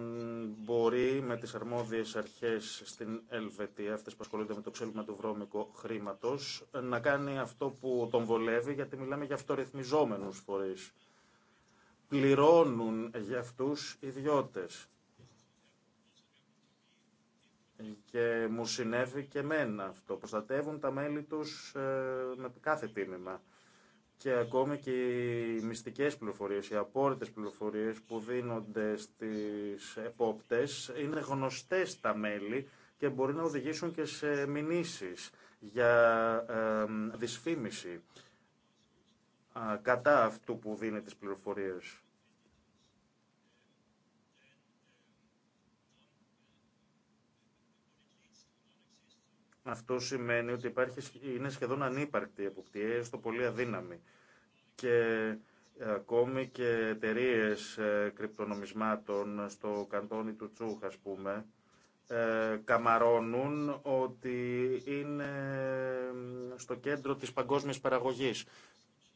μπορεί με τις αρμόδιες αρχές στην Ελβετία, αυτές που ασχολούνται με το ξέλιμα του βρώμικου χρήματος, να κάνει αυτό που τον βολεύει, γιατί μιλάμε για αυτορυθμιζόμενους φορείς. Πληρώνουν για αυτούς ιδιώτες και μου συνέβη και εμένα αυτό. Προστατεύουν τα μέλη τους ε, με κάθε τίμημα. Και ακόμη και οι μυστικές πληροφορίες, οι απόρριτες πληροφορίες που δίνονται στις επόπτες είναι γνωστές τα μέλη και μπορεί να οδηγήσουν και σε μηνύσεις για ε, δυσφήμιση ε, κατά αυτού που δίνει τις πληροφορίες. Αυτό σημαίνει ότι υπάρχει, είναι σχεδόν ανύπαρκτη η εποπτεία, έστω πολύ αδύναμη. Και ε, ακόμη και εταιρείε ε, κρυπτονομισμάτων στο καντόνι του Τσούχ, ας πούμε, ε, καμαρώνουν ότι είναι στο κέντρο της παγκόσμιας παραγωγής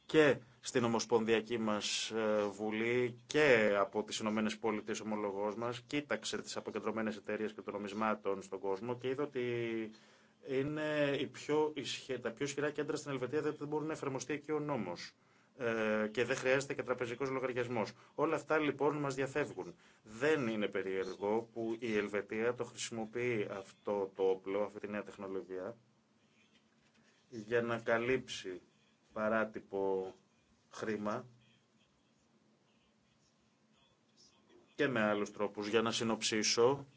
και στην Ομοσπονδιακή μας Βουλή και από τις Ηνωμένε Πολιτείες ομολογός μας κοίταξε τις αποκεντρωμένες εταιρείες και των στον κόσμο και είδε ότι είναι η πιο τα πιο ισχυρά κέντρα στην Ελβετία, διότι δεν μπορεί να εφαρμοστεί εκεί ο νόμο. Ε, και δεν χρειάζεται και τραπεζικό λογαριασμό. Όλα αυτά λοιπόν μα διαφεύγουν. Δεν είναι περίεργο που η Ελβετία το χρησιμοποιεί αυτό το όπλο, αυτή τη νέα τεχνολογία, για να καλύψει παράτυπο χρήμα και με άλλους τρόπους. Για να συνοψίσω,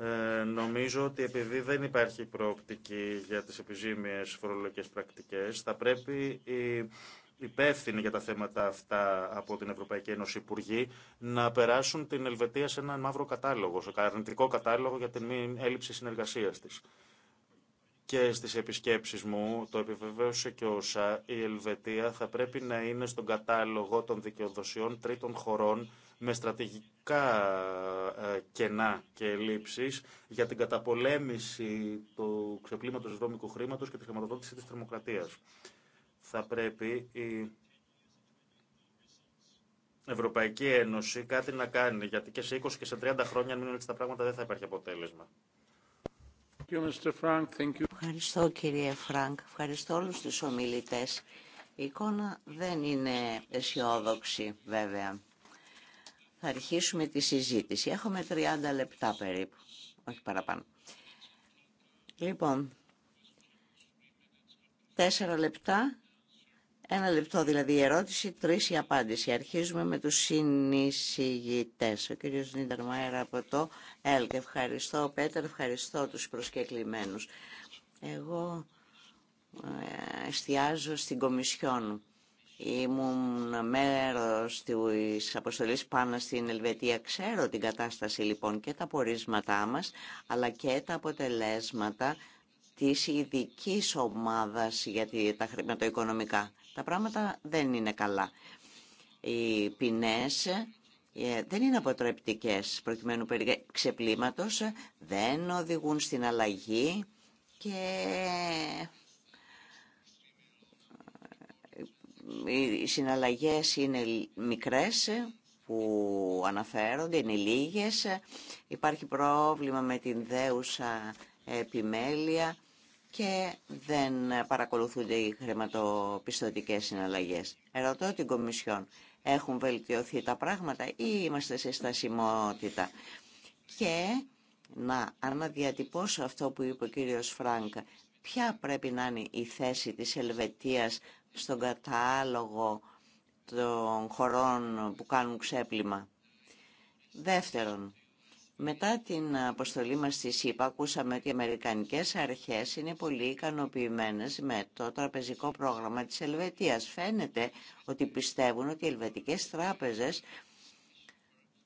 ε, νομίζω ότι επειδή δεν υπάρχει προοπτική για τις επιζήμιες φορολογικές πρακτικές, θα πρέπει οι υπεύθυνοι για τα θέματα αυτά από την Ευρωπαϊκή Ένωση Υπουργοί να περάσουν την Ελβετία σε έναν μαύρο κατάλογο, σε αρνητικό κατάλογο για την έλλειψη συνεργασίας της. Και στις επισκέψεις μου, το επιβεβαίωσε και όσα, η Ελβετία θα πρέπει να είναι στον κατάλογο των δικαιοδοσιών τρίτων χωρών με στρατηγικά ε, κενά και ελλείψεις για την καταπολέμηση του ξεπλήματος δρόμικου χρήματος και τη χρηματοδότηση της τρομοκρατίας. Θα πρέπει η Ευρωπαϊκή Ένωση κάτι να κάνει, γιατί και σε 20 και σε 30 χρόνια, αν μείνουν έτσι τα πράγματα, δεν θα υπάρχει αποτέλεσμα. Ευχαριστώ κύριε Φρανκ. Ευχαριστώ όλους τους ομιλητές. Η εικόνα δεν είναι αισιόδοξη βέβαια θα αρχίσουμε τη συζήτηση. Έχουμε 30 λεπτά περίπου, όχι παραπάνω. Λοιπόν, τέσσερα λεπτά, ένα λεπτό δηλαδή η ερώτηση, τρεις η απάντηση. Αρχίζουμε με τους συνεισηγητές. Ο κυρίος Νίντερμαέρα από το ΕΛΚ. Ευχαριστώ, Πέτερ, ευχαριστώ τους προσκεκλημένους. Εγώ ε, εστιάζω στην Κομισιόν Ήμουν μέρος της αποστολής πάνω στην Ελβετία. Ξέρω την κατάσταση λοιπόν και τα πορίσματά μας, αλλά και τα αποτελέσματα της ειδική ομάδας για τα χρηματοοικονομικά. Τα πράγματα δεν είναι καλά. Οι ποινές ε, δεν είναι αποτρεπτικές προκειμένου περί ξεπλήματος, ε, δεν οδηγούν στην αλλαγή και οι συναλλαγές είναι μικρές ε, που αναφέρονται, είναι λίγες. Υπάρχει πρόβλημα με την δέουσα επιμέλεια και δεν παρακολουθούνται οι χρηματοπιστωτικές συναλλαγές. Ερωτώ την Κομισιόν, έχουν βελτιωθεί τα πράγματα ή είμαστε σε στασιμότητα. Και να αναδιατυπώσω αυτό που είπε ο κύριος Φράνκ. Ποια πρέπει να είναι η θέση της Ελβετίας στον κατάλογο των χωρών που κάνουν ξέπλυμα. Δεύτερον, μετά την αποστολή μας στη ΣΥΠΑ ακούσαμε ότι οι Αμερικανικές αρχές είναι πολύ ικανοποιημένε με το τραπεζικό πρόγραμμα της Ελβετίας. Φαίνεται ότι πιστεύουν ότι οι ελβετικές τράπεζες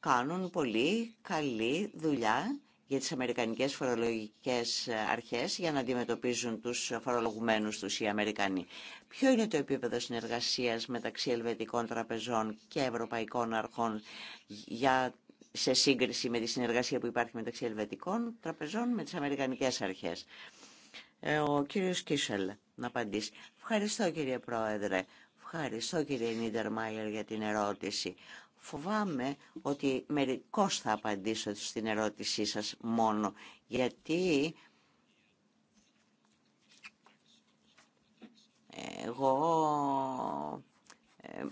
κάνουν πολύ καλή δουλειά για τις αμερικανικές φορολογικές ε, αρχές για να αντιμετωπίζουν τους φορολογουμένους τους οι Αμερικανοί. Ποιο είναι το επίπεδο συνεργασίας μεταξύ ελβετικών τραπεζών και ευρωπαϊκών αρχών για σε σύγκριση με τη συνεργασία που υπάρχει μεταξύ ελβετικών τραπεζών με τις αμερικανικές αρχές. Ε, ο κύριος Κίσελ να απαντήσει. Ευχαριστώ κύριε Πρόεδρε. Ευχαριστώ κύριε Νίτερ Μάιερ για την ερώτηση. Φοβάμαι ότι μερικώς θα απαντήσω στην ερώτησή σας μόνο, γιατί εγώ ε,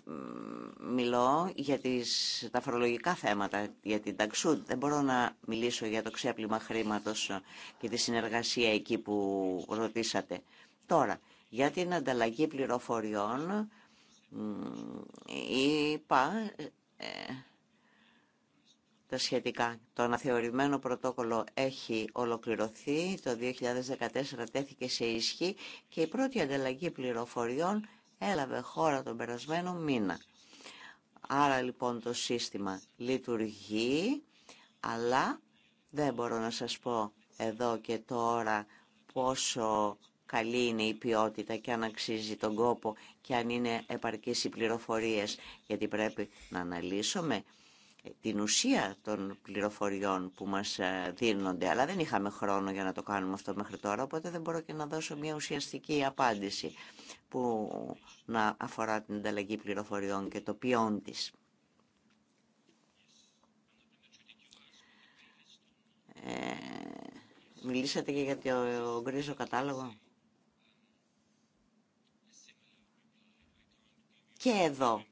μιλώ για τις, τα φορολογικά θέματα, για την ταξούτ. Δεν μπορώ να μιλήσω για το ξέπλυμα χρήματος και τη συνεργασία εκεί που ρωτήσατε. Τώρα, για την ανταλλαγή πληροφοριών είπα ε, τα σχετικά. Το αναθεωρημένο πρωτόκολλο έχει ολοκληρωθεί, το 2014 τέθηκε σε ισχύ και η πρώτη ανταλλαγή πληροφοριών έλαβε χώρα τον περασμένο μήνα. Άρα λοιπόν το σύστημα λειτουργεί, αλλά δεν μπορώ να σας πω εδώ και τώρα πόσο καλή είναι η ποιότητα και αν αξίζει τον κόπο και αν είναι επαρκείς οι πληροφορίες, γιατί πρέπει να αναλύσουμε ε, την ουσία των πληροφοριών που μας ε, δίνονται, αλλά δεν είχαμε χρόνο για να το κάνουμε αυτό μέχρι τώρα, οπότε δεν μπορώ και να δώσω μια ουσιαστική απάντηση που να αφορά την ανταλλαγή πληροφοριών και το ποιόν της. Ε, μιλήσατε και για το γκρίζο κατάλογο. και εδώ.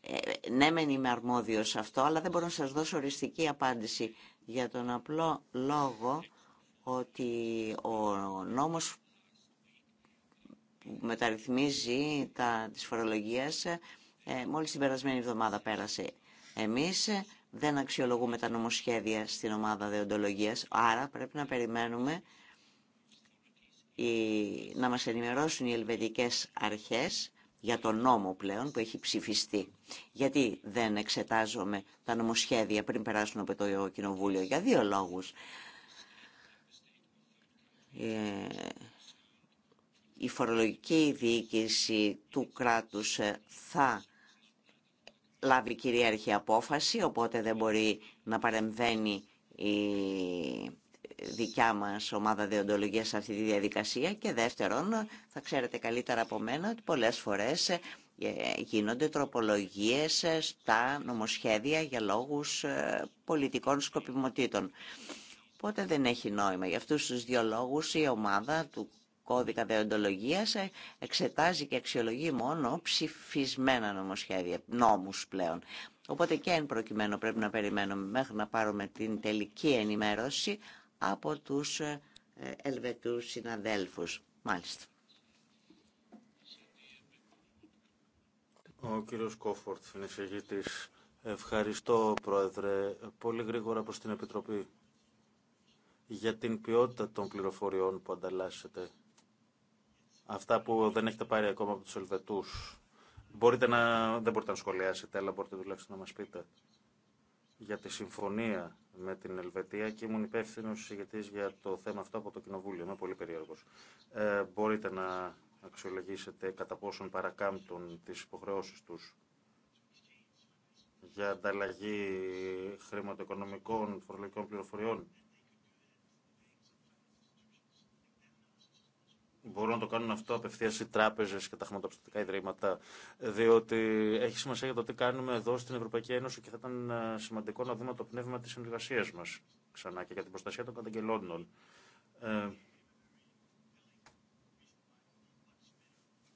Ε, ναι, μεν είμαι αρμόδιο σε αυτό, αλλά δεν μπορώ να σας δώσω οριστική απάντηση για τον απλό λόγο ότι ο νόμος που μεταρρυθμίζει τα, τις φορολογίες ε, μόλις την περασμένη εβδομάδα πέρασε. Εμείς ε, δεν αξιολογούμε τα νομοσχέδια στην ομάδα δεοντολογίας, άρα πρέπει να περιμένουμε να μας ενημερώσουν οι ελβετικές αρχές για τον νόμο πλέον που έχει ψηφιστεί. Γιατί δεν εξετάζομαι τα νομοσχέδια πριν περάσουν από το Κοινοβούλιο. Για δύο λόγους. Ε, η φορολογική διοίκηση του κράτους ε, θα λάβει κυρίαρχη απόφαση, οπότε δεν μπορεί να παρεμβαίνει η δικιά μας ομάδα δεοντολογίας σε αυτή τη διαδικασία και δεύτερον θα ξέρετε καλύτερα από μένα ότι πολλές φορές ε, γίνονται τροπολογίες ε, στα νομοσχέδια για λόγους ε, πολιτικών σκοπιμοτήτων. Οπότε δεν έχει νόημα. Για αυτούς τους δύο λόγους η ομάδα του κώδικα δεοντολογίας εξετάζει και αξιολογεί μόνο ψηφισμένα νομοσχέδια, νόμους πλέον. Οπότε και εν προκειμένου πρέπει να περιμένουμε μέχρι να πάρουμε την τελική ενημέρωση από τους ε, Ελβετούς συναδέλφους. Μάλιστα. Ο κύριος Κόφορτ, συνεισηγητής. Ευχαριστώ, Πρόεδρε. Πολύ γρήγορα προς την Επιτροπή για την ποιότητα των πληροφοριών που ανταλλάσσετε. Αυτά που δεν έχετε πάρει ακόμα από τους Ελβετούς. Μπορείτε να, δεν μπορείτε να σχολιάσετε, αλλά μπορείτε τουλάχιστον να μας πείτε για τη συμφωνία με την Ελβετία και ήμουν υπεύθυνο ηγετή για το θέμα αυτό από το Κοινοβούλιο. Είμαι πολύ περίεργο. Ε, μπορείτε να αξιολογήσετε κατά πόσον παρακάμπτουν τι υποχρεώσει του για ανταλλαγή χρηματοοικονομικών φορολογικών πληροφοριών. μπορούν να το κάνουν αυτό απευθεία οι τράπεζε και τα χρηματοπιστωτικά ιδρύματα, διότι έχει σημασία για το τι κάνουμε εδώ στην Ευρωπαϊκή Ένωση και θα ήταν ε, σημαντικό να δούμε το πνεύμα τη συνεργασία μα ξανά και για την προστασία των καταγγελόντων. Ε,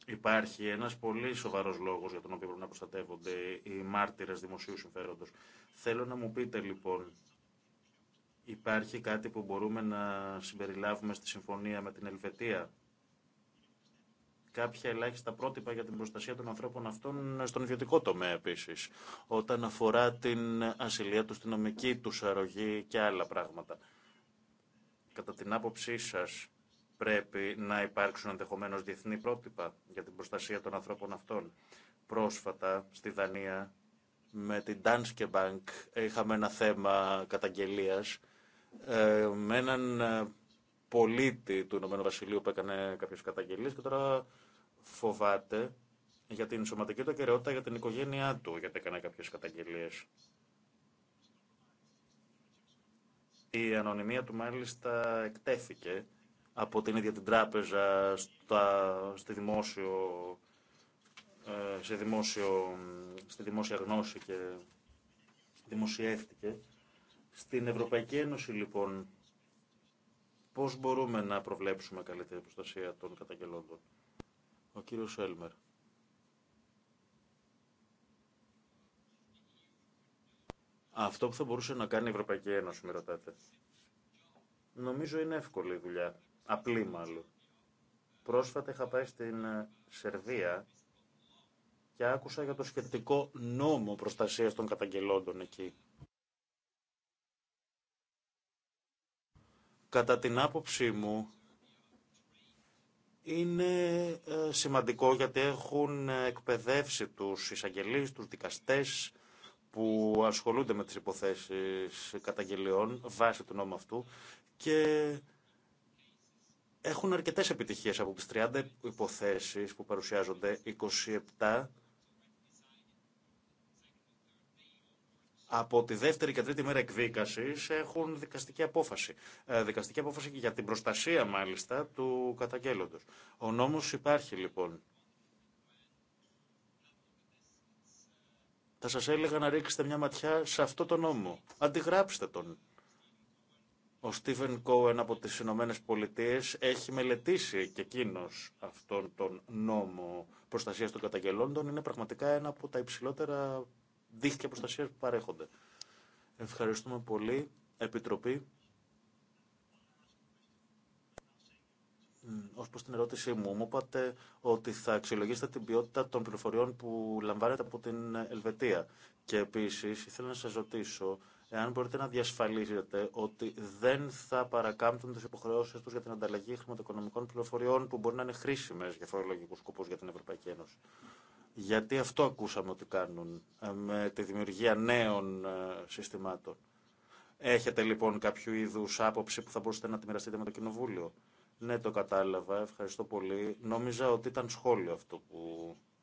Υπάρχει ένας πολύ σοβαρός λόγος για τον οποίο πρέπει να προστατεύονται οι μάρτυρες δημοσίου συμφέροντος. Θέλω να μου πείτε λοιπόν, υπάρχει κάτι που μπορούμε να συμπεριλάβουμε στη συμφωνία με την Ελβετία κάποια ελάχιστα πρότυπα για την προστασία των ανθρώπων αυτών στον ιδιωτικό τομέα επίση, όταν αφορά την ασυλία του, την νομική του αρρωγή και άλλα πράγματα. Κατά την άποψή σα, πρέπει να υπάρξουν ενδεχομένω διεθνή πρότυπα για την προστασία των ανθρώπων αυτών. Πρόσφατα στη Δανία με την Danske Bank είχαμε ένα θέμα καταγγελίας ε, με έναν ε, πολίτη του Ηνωμένου Βασιλείου που έκανε κάποιες καταγγελίες και τώρα φοβάται για την σωματική του ακαιρεότητα, για την οικογένειά του, γιατί έκανε κάποιες καταγγελίες. Η ανωνυμία του μάλιστα εκτέθηκε από την ίδια την τράπεζα στα, στη δημόσιο, ε, σε δημόσιο, στη δημόσια γνώση και δημοσιεύτηκε. Στην Ευρωπαϊκή Ένωση λοιπόν πώς μπορούμε να προβλέψουμε καλύτερη προστασία των καταγγελόντων. Ο κύριος Έλμερ. Αυτό που θα μπορούσε να κάνει η Ευρωπαϊκή Ένωση, με ρωτάτε. Νομίζω είναι εύκολη η δουλειά. Απλή μάλλον. Πρόσφατα είχα πάει στην ε, Σερβία και άκουσα για το σχετικό νόμο προστασίας των καταγγελόντων εκεί. Κατά την άποψή μου, είναι ε, σημαντικό γιατί έχουν εκπαιδεύσει τους εισαγγελείς, τους δικαστές που ασχολούνται με τις υποθέσεις καταγγελιών βάσει του νόμου αυτού και έχουν αρκετές επιτυχίες από τις 30 υποθέσεις που παρουσιάζονται 27 από τη δεύτερη και τρίτη μέρα εκδίκαση έχουν δικαστική απόφαση. Ε, δικαστική απόφαση και για την προστασία μάλιστα του καταγγέλλοντος. Ο νόμος υπάρχει λοιπόν. Θα σας έλεγα να ρίξετε μια ματιά σε αυτό το νόμο. Αντιγράψτε τον. Ο Στίβεν Κόεν από τις Ηνωμένε Πολιτείε έχει μελετήσει και εκείνο αυτόν τον νόμο προστασίας των καταγγελόντων. Είναι πραγματικά ένα από τα υψηλότερα δίχτυα προστασία που παρέχονται. Ευχαριστούμε πολύ. Επιτροπή. Ω προ την ερώτησή μου, μου είπατε ότι θα αξιολογήσετε την ποιότητα των πληροφοριών που λαμβάνετε από την Ελβετία. Και επίση, ήθελα να σα ρωτήσω εάν μπορείτε να διασφαλίσετε ότι δεν θα παρακάμπτουν τι υποχρεώσει του για την ανταλλαγή χρηματοοικονομικών πληροφοριών που μπορεί να είναι χρήσιμε για φορολογικού σκοπού για την Ευρωπαϊκή Ένωση. Γιατί αυτό ακούσαμε ότι κάνουν ε, με τη δημιουργία νέων ε, συστημάτων. Έχετε λοιπόν κάποιο είδου άποψη που θα μπορούσατε να τη μοιραστείτε με το Κοινοβούλιο. Ναι, το κατάλαβα. Ευχαριστώ πολύ. Νόμιζα ότι ήταν σχόλιο αυτό που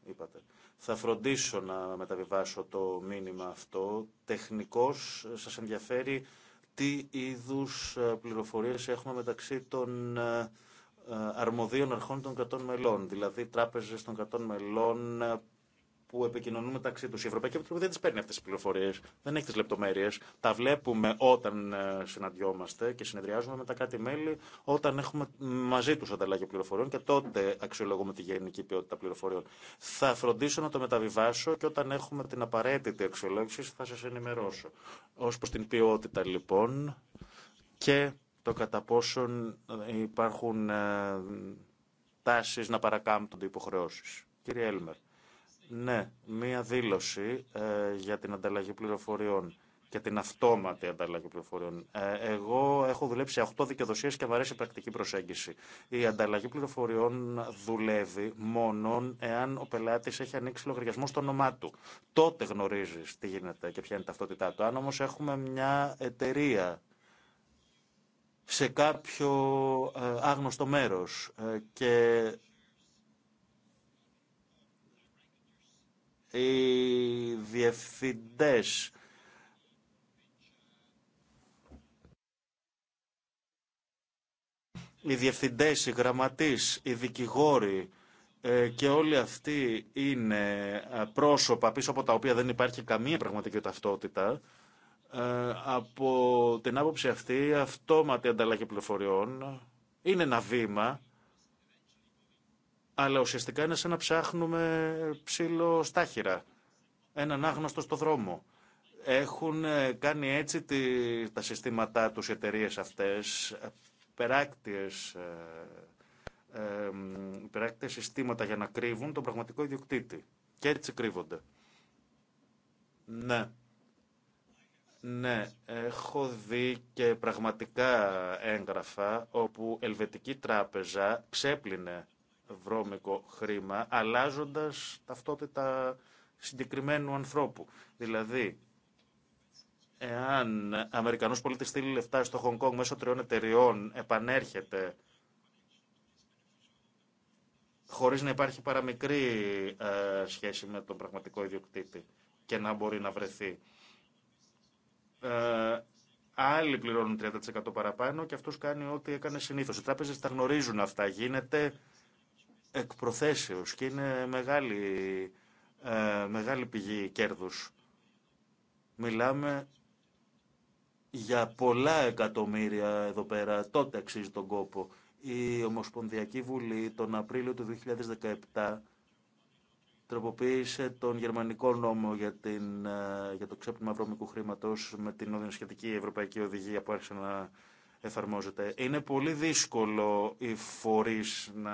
είπατε. Θα φροντίσω να μεταβιβάσω το μήνυμα αυτό. Τεχνικώς σας ενδιαφέρει τι είδους ε, πληροφορίες έχουμε μεταξύ των ε, αρμοδίων αρχών των κρατών μελών, δηλαδή τράπεζε των κρατών μελών ε, που επικοινωνούν μεταξύ του. Η Ευρωπαϊκή Επιτροπή δεν τι παίρνει αυτέ τι πληροφορίε, δεν έχει τι λεπτομέρειε. Τα βλέπουμε όταν ε, συναντιόμαστε και συνεδριάζουμε με τα κάτι μελη όταν έχουμε μαζί του ανταλλαγή πληροφοριών και τότε αξιολογούμε τη γενική ποιότητα πληροφοριών. Θα φροντίσω να το μεταβιβάσω και όταν έχουμε την απαραίτητη αξιολόγηση θα σα ενημερώσω. Ω προ την ποιότητα λοιπόν και το κατά πόσον ε, υπάρχουν ε, τάσεις να παρακάμπτονται υποχρεώσεις. Κύριε Έλμερ, ναι, μία δήλωση ε, για την ανταλλαγή πληροφοριών και την αυτόματη ανταλλαγή πληροφοριών. εγώ έχω δουλέψει 8 δικαιοδοσίε και μου αρέσει η πρακτική προσέγγιση. Η ανταλλαγή πληροφοριών δουλεύει μόνο εάν ο πελάτη έχει ανοίξει λογαριασμό στο όνομά του. Τότε γνωρίζει τι γίνεται και ποια είναι η ταυτότητά του. Αν όμω έχουμε μια εταιρεία σε κάποιο ε, άγνωστο μέρος ε, και οι διευθυντές οι διευθυντές, οι γραμματείς, οι δικηγόροι ε, και όλοι αυτοί είναι πρόσωπα πίσω από τα οποία δεν υπάρχει καμία πραγματική ταυτότητα ε, από την άποψη αυτή, η αυτόματη ανταλλαγή πληροφοριών είναι ένα βήμα, αλλά ουσιαστικά είναι σαν να ψάχνουμε ψήλο στάχυρα, έναν άγνωστο στο δρόμο. Έχουν ε, κάνει έτσι τα συστήματά τους οι εταιρείε αυτές, περάκτιες, ε, ε συστήματα για να κρύβουν τον πραγματικό ιδιοκτήτη. Και έτσι κρύβονται. Ναι. Ναι, έχω δει και πραγματικά έγγραφα όπου Ελβετική Τράπεζα ξέπλυνε βρώμικο χρήμα αλλάζοντας ταυτότητα συγκεκριμένου ανθρώπου. Δηλαδή, εάν Αμερικανός πολίτης στείλει λεφτά στο Χονγκ Κόνγκ μέσω τριών εταιριών, επανέρχεται χωρίς να υπάρχει παραμικρή ε, σχέση με τον πραγματικό ιδιοκτήτη και να μπορεί να βρεθεί. Ε, άλλοι πληρώνουν 30% παραπάνω και αυτός κάνει ό,τι έκανε συνήθως. Οι τράπεζες τα γνωρίζουν αυτά. Γίνεται εκ προθέσεως και είναι μεγάλη, ε, μεγάλη πηγή κέρδους. Μιλάμε για πολλά εκατομμύρια εδώ πέρα, τότε αξίζει τον κόπο. Η Ομοσπονδιακή Βουλή τον Απρίλιο του 2017 τροποποίησε τον γερμανικό νόμο για, την, ε, για το ξέπνιμα βρώμικου χρήματος με την σχετική ευρωπαϊκή οδηγία που άρχισε να εφαρμόζεται. Είναι πολύ δύσκολο οι φορείς να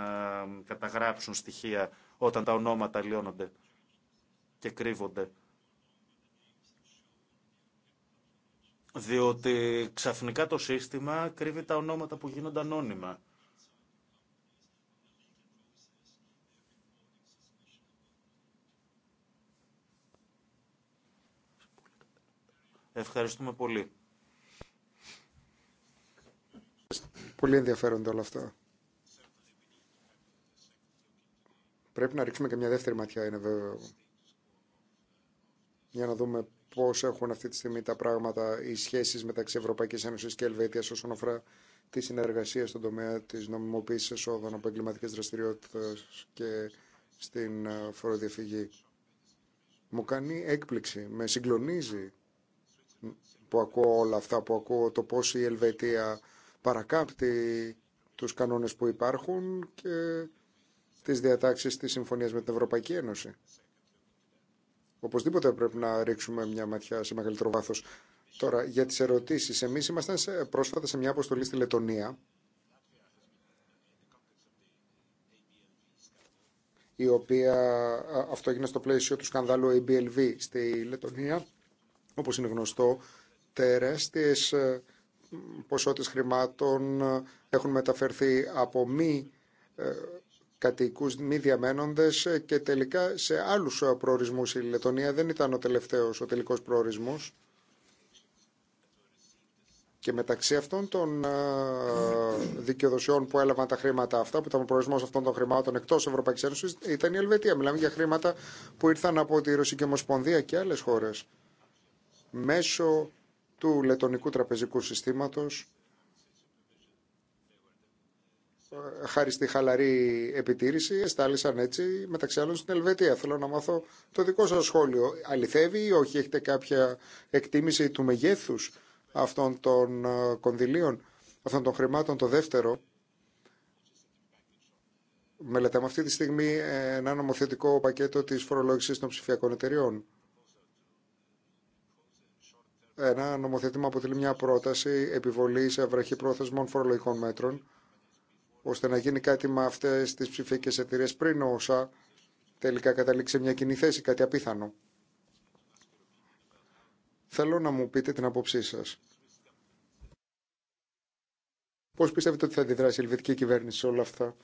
καταγράψουν στοιχεία όταν τα ονόματα λιώνονται και κρύβονται. Διότι ξαφνικά το σύστημα κρύβει τα ονόματα που γίνονται ανώνυμα. Ευχαριστούμε πολύ. Πολύ ενδιαφέρονται όλα αυτά. Πρέπει να ρίξουμε και μια δεύτερη ματιά, είναι βέβαιο. Για να δούμε πώς έχουν αυτή τη στιγμή τα πράγματα, οι σχέσεις μεταξύ Ευρωπαϊκής Ένωσης και Ελβετίας όσον αφορά τη συνεργασία στον τομέα της νομιμοποίησης εσόδων από εγκληματικέ δραστηριότητες και στην ε, φοροδιαφυγή. Μου κάνει έκπληξη, με συγκλονίζει που ακούω όλα αυτά που ακούω, το πώς η Ελβετία παρακάπτει τους κανόνες που υπάρχουν και τις διατάξεις της συμφωνίας με την Ευρωπαϊκή Ένωση. Οπωσδήποτε πρέπει να ρίξουμε μια ματιά σε μεγαλύτερο βάθος. Τώρα, για τις ερωτήσεις. Εμείς ήμασταν σε, πρόσφατα σε μια αποστολή στη Λετωνία, η οποία αυτό έγινε στο πλαίσιο του σκανδάλου ABLV στη Λετωνία όπως είναι γνωστό, τεράστιες ε, ποσότητες χρημάτων ε, έχουν μεταφερθεί από μη ε, κατοικούς, μη διαμένοντες και τελικά σε άλλους προορισμούς. Η Λετωνία δεν ήταν ο τελευταίος, ο τελικός προορισμός. Και μεταξύ αυτών των δικαιοδοσιών που έλαβαν τα χρήματα αυτά, που ήταν ο προορισμό αυτών των χρημάτων εκτό Ευρωπαϊκή Ένωση, ήταν η Ελβετία. Μιλάμε για χρήματα που ήρθαν από τη Ρωσική Ομοσπονδία και άλλε χώρε μέσω του λετονικού τραπεζικού συστήματος χάρη στη χαλαρή επιτήρηση εστάλησαν έτσι μεταξύ άλλων στην Ελβετία. Θέλω να μάθω το δικό σας σχόλιο. Αληθεύει ή όχι, έχετε κάποια εκτίμηση του μεγέθους αυτών των ε, κονδυλίων, αυτών των χρημάτων, το δεύτερο. Μελετάμε αυτή τη στιγμή ένα νομοθετικό πακέτο της φορολόγησης των ψηφιακών εταιριών ένα νομοθέτημα αποτελεί μια πρόταση επιβολή σε βραχή πρόθεσμων φορολογικών μέτρων, ώστε να γίνει κάτι με αυτέ τι ψηφιακέ εταιρείε πριν όσα τελικά καταλήξει μια κοινή θέση, κάτι απίθανο. Θέλω να μου πείτε την άποψή σα. Πώ πιστεύετε ότι θα αντιδράσει η ελβετική κυβέρνηση σε όλα αυτά,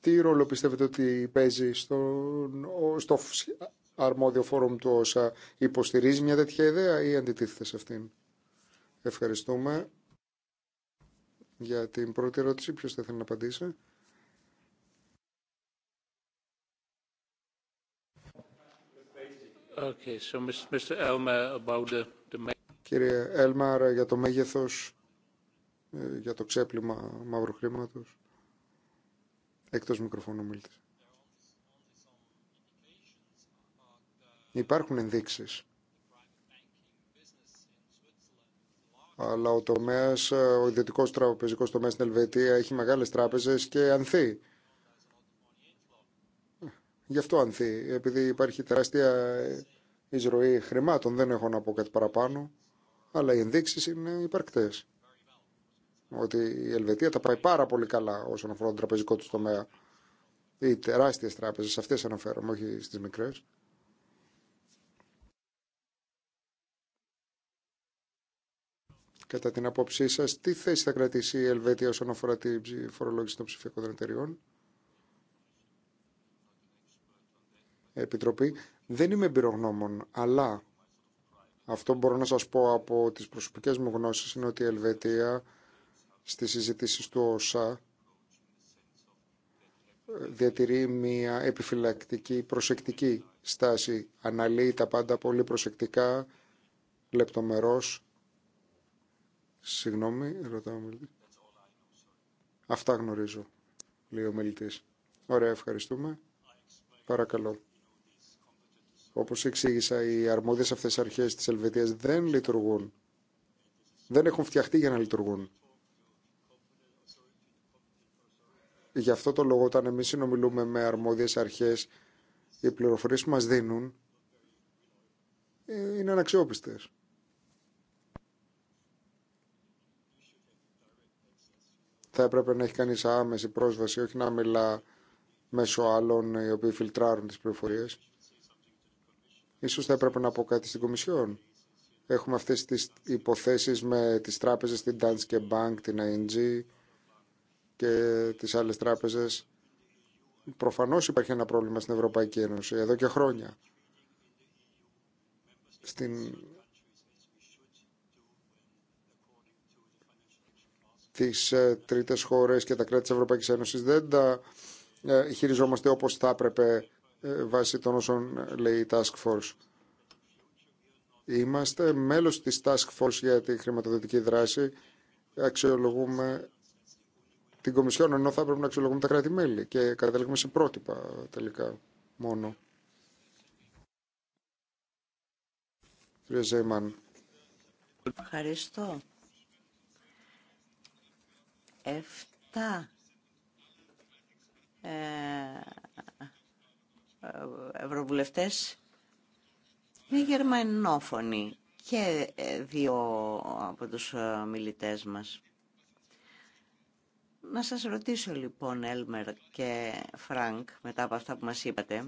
Τι ρόλο πιστεύετε ότι παίζει στο, στο αρμόδιο φόρουμ του ΩΣΑ υποστηρίζει μια τέτοια ιδέα ή αντιτίθεται σε αυτήν. Ευχαριστούμε. Για την πρώτη ερώτηση, ποιος θα θέλει να απαντήσει. Okay, so Mr. Elmer, about the... Κύριε Έλμαρ, για το μέγεθος, ε, για το ξέπλυμα μαύρου χρήματος, εκτός μικροφώνου μίλητης. Υπάρχουν ενδείξεις. Αλλά ο τομέας, ο ιδιωτικός τραπεζικός τομέας στην Ελβετία έχει μεγάλες τράπεζες και ανθεί. Γι' αυτό ανθεί, επειδή υπάρχει τεράστια εισρωή χρημάτων, δεν έχω να πω κάτι παραπάνω, αλλά οι ενδείξεις είναι υπαρκτές. Ότι η Ελβετία τα πάει πάρα πολύ καλά όσον αφορά τον τραπεζικό του τομέα. Οι τεράστιες τράπεζες, αυτές αναφέρομαι, όχι στις μικρές. Κατά την απόψή σα, τι θέση θα κρατήσει η Ελβετία όσον αφορά τη φορολόγηση των ψηφιακών εταιριών. Επιτροπή. Δεν είμαι εμπειρογνώμων, αλλά αυτό μπορώ να σας πω από τις προσωπικές μου γνώσεις είναι ότι η Ελβετία στις συζητήσεις του ΩΣΑ διατηρεί μια επιφυλακτική, προσεκτική στάση. Αναλύει τα πάντα πολύ προσεκτικά, λεπτομερώς Συγγνώμη, ρωτάω ο μιλητή. Αυτά γνωρίζω, λέει ο μιλητή. Ωραία, ευχαριστούμε. Παρακαλώ. Όπω εξήγησα, οι αρμόδιες αυτέ αρχέ τη Ελβετία δεν λειτουργούν. Δεν έχουν φτιαχτεί για να λειτουργούν. Γι' αυτό το λόγο, όταν εμεί συνομιλούμε με αρμόδιες αρχέ, οι πληροφορίε που μας δίνουν ε, είναι αναξιόπιστες. θα έπρεπε να έχει κανεί άμεση πρόσβαση, όχι να μιλά μέσω άλλων οι οποίοι φιλτράρουν τις πληροφορίες. Ίσως θα έπρεπε να πω κάτι στην Κομισιόν. Έχουμε αυτές τις υποθέσεις με τις τράπεζες, την Danske Bank, την ING και τις άλλες τράπεζες. Προφανώς υπάρχει ένα πρόβλημα στην Ευρωπαϊκή Ένωση εδώ και χρόνια. Στην τις ε, τρίτες χώρες και τα κράτη της Ευρωπαϊκής Ένωσης δεν τα ε, χειριζόμαστε όπως θα έπρεπε ε, βάσει των όσων λέει η Task Force. Είμαστε μέλος της Task Force για τη χρηματοδοτική δράση. Αξιολογούμε την Κομισιόν, ενώ θα πρέπει να αξιολογούμε τα κράτη-μέλη και καταλήγουμε σε πρότυπα τελικά μόνο. Ευχαριστώ. Εφτά ε, ε, ευρωβουλευτές είναι γερμανόφωνοι και ε, δύο από τους μιλητές μας. Να σας ρωτήσω λοιπόν, Έλμερ και Φρανκ, μετά από αυτά που μας είπατε,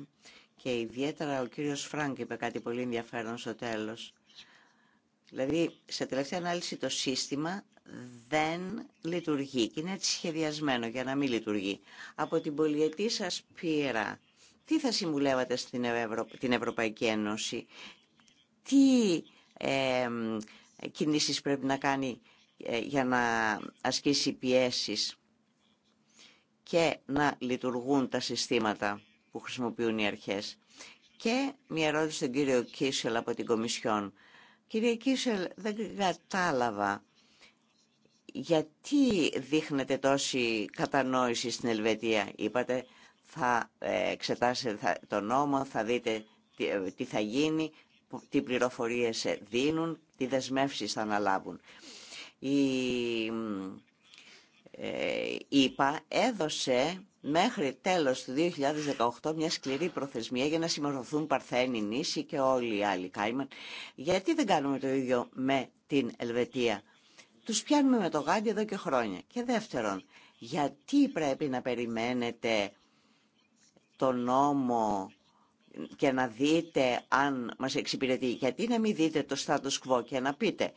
και ιδιαίτερα ο κύριος Φρανκ είπε κάτι πολύ ενδιαφέρον στο τέλος. Δηλαδή, σε τελευταία ανάλυση το σύστημα δεν λειτουργεί και είναι σχεδιασμένο για να μην λειτουργεί. Από την πολιετή σας πείρα, τι θα συμβουλεύατε στην Ευρω... την Ευρωπαϊκή Ένωση, τι ε, κινήσεις πρέπει να κάνει ε, για να ασκήσει πιέσεις και να λειτουργούν τα συστήματα που χρησιμοποιούν οι αρχές. Και μια ερώτηση στον κύριο Κίσελ από την Κομισιόν. Κύριε Κίσελ, δεν κατάλαβα γιατί δείχνετε τόση κατανόηση στην Ελβετία. Είπατε θα ε, εξετάσετε το νόμο, θα δείτε τι ε, θα γίνει, τι πληροφορίες ε, δίνουν, τι δεσμεύσεις θα αναλάβουν. Η ΕΠΑ έδωσε μέχρι τέλος του 2018 μια σκληρή προθεσμία για να συμμορφωθούν Παρθένη, Νήσι και όλοι οι άλλοι Κάιμαν. Γιατί δεν κάνουμε το ίδιο με την Ελβετία. Τους πιάνουμε με το γάντι εδώ και χρόνια. Και δεύτερον, γιατί πρέπει να περιμένετε το νόμο και να δείτε αν μας εξυπηρετεί. Γιατί να μην δείτε το status quo και να πείτε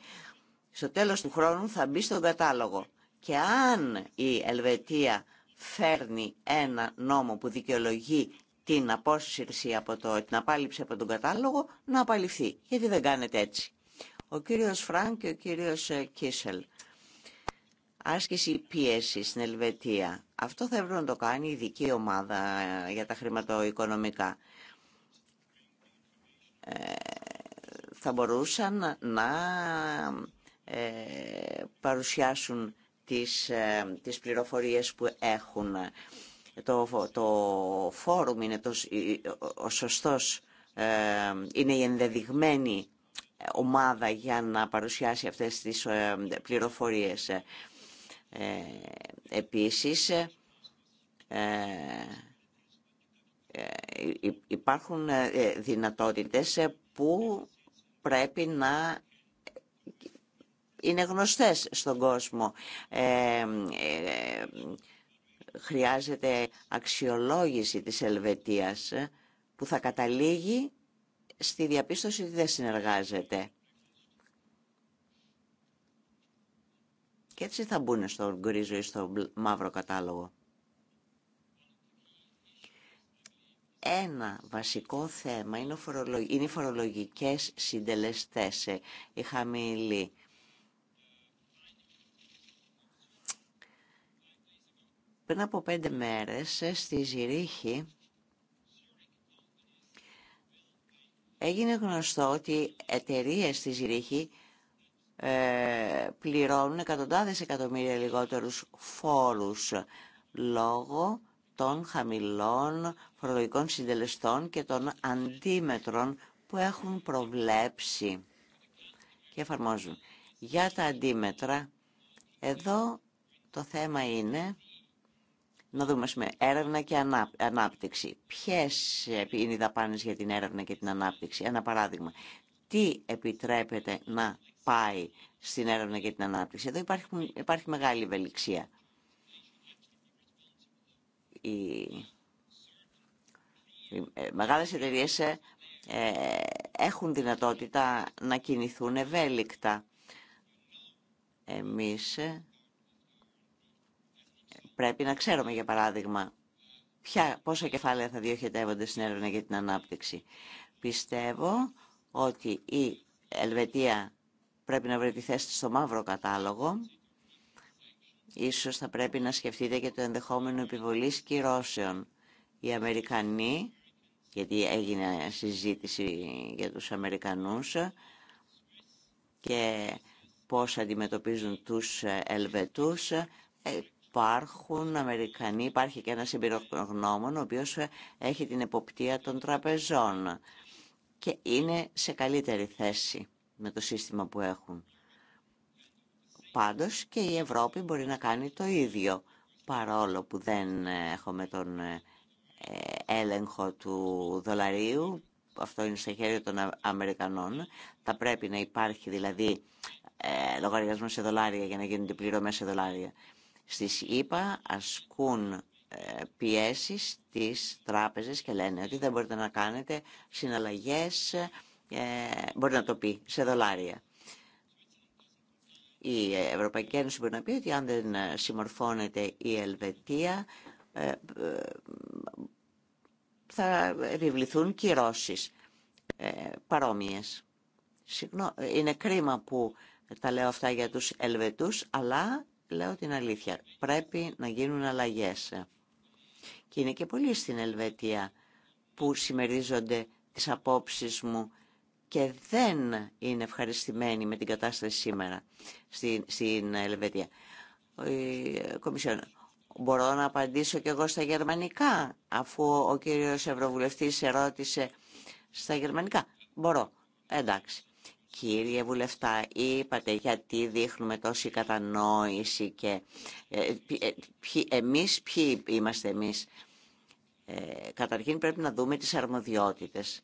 στο τέλος του χρόνου θα μπει στον κατάλογο. Και αν η Ελβετία φέρνει ένα νόμο που δικαιολογεί την απόσυρση από το, την απάλληψη από τον κατάλογο να απαλληφθεί. Γιατί δεν κάνετε έτσι. Ο κύριος Φρανκ και ο κύριος ε, Κίσελ. Άσκηση πίεση στην Ελβετία. Αυτό θα έπρεπε να το κάνει η ειδική ομάδα ε, για τα χρηματοοικονομικά. Ε, θα μπορούσαν να παρουσιάσουν τις, ε, τις πληροφορίες που έχουν. Το, το φόρουμ είναι το, ο σωστός, ε, είναι η ενδεδειγμένη ομάδα για να παρουσιάσει αυτές τις ε, πληροφορίες. Επίσης, υπάρχουν δυνατότητες που πρέπει να είναι γνωστές στον κόσμο. Ε, ε, χρειάζεται αξιολόγηση της Ελβετίας ε, που θα καταλήγει στη διαπίστωση ότι δεν συνεργάζεται. Και έτσι θα μπουν στον γκρίζο ή στο μαύρο κατάλογο. Ένα βασικό θέμα είναι οι φορολογικές συντελεστές, οι χαμηλοί. Πριν από πέντε μέρες ε, στη Ζηρίχη έγινε γνωστό ότι εταιρείε στη Ζηρίχη ε, πληρώνουν εκατοντάδες εκατομμύρια λιγότερους φόρους λόγω των χαμηλών φορολογικών συντελεστών και των αντίμετρων που έχουν προβλέψει και εφαρμόζουν. Για τα αντίμετρα, εδώ το θέμα είναι να δούμε με έρευνα και ανάπτυξη. Ποιε είναι οι δαπάνε για την έρευνα και την ανάπτυξη. Ένα παράδειγμα. Τι επιτρέπεται να πάει στην έρευνα και την ανάπτυξη. Εδώ υπάρχει, υπάρχει μεγάλη ευελιξία. Οι, οι ε, μεγάλες εταιρείες ε, ε, έχουν δυνατότητα να κινηθούν ευέλικτα. Εμείς Πρέπει να ξέρουμε, για παράδειγμα, πόσα κεφάλαια θα διοχετεύονται στην έρευνα για την ανάπτυξη. Πιστεύω ότι η Ελβετία πρέπει να βρει τη θέση στο μαύρο κατάλογο. Ίσως θα πρέπει να σκεφτείτε και το ενδεχόμενο επιβολής κυρώσεων. Οι Αμερικανοί, γιατί έγινε συζήτηση για τους Αμερικανούς και πώς αντιμετωπίζουν τους Ελβετούς, ε, υπάρχουν Αμερικανοί, υπάρχει και ένας εμπειρογνώμων ο οποίος ε, έχει την εποπτεία των τραπεζών και είναι σε καλύτερη θέση με το σύστημα που έχουν. Πάντως και η Ευρώπη μπορεί να κάνει το ίδιο, παρόλο που δεν ε, έχουμε τον ε, έλεγχο του δολαρίου, αυτό είναι στα χέρια των Αμερικανών, θα πρέπει να υπάρχει δηλαδή λογαριασμό σε δολάρια για να γίνονται πληρωμές σε δολάρια στις ΗΠΑ ασκούν ε, πιέσεις στις τράπεζες και λένε ότι δεν μπορείτε να κάνετε συναλλαγές, ε, μπορεί να το πει, σε δολάρια. Η Ευρωπαϊκή Ένωση μπορεί να πει ότι αν δεν ε, συμμορφώνεται η Ελβετία θα επιβληθούν κυρώσεις παρόμοιες. Είναι κρίμα που τα λέω αυτά για τους Ελβετούς, αλλά λέω την αλήθεια, πρέπει να γίνουν αλλαγές. Και είναι και πολλοί στην Ελβετία που συμμερίζονται τις απόψεις μου και δεν είναι ευχαριστημένοι με την κατάσταση σήμερα στην, στην Ελβετία. Ε, Κομισιόν, μπορώ να απαντήσω και εγώ στα γερμανικά, αφού ο κύριος Ευρωβουλευτής ερώτησε στα γερμανικά. Μπορώ. Εντάξει. Κύριε Βουλευτά, είπατε γιατί δείχνουμε τόση κατανόηση και ε, ε, εμείς ποιοι είμαστε εμείς. Ε, καταρχήν πρέπει να δούμε τις αρμοδιότητες.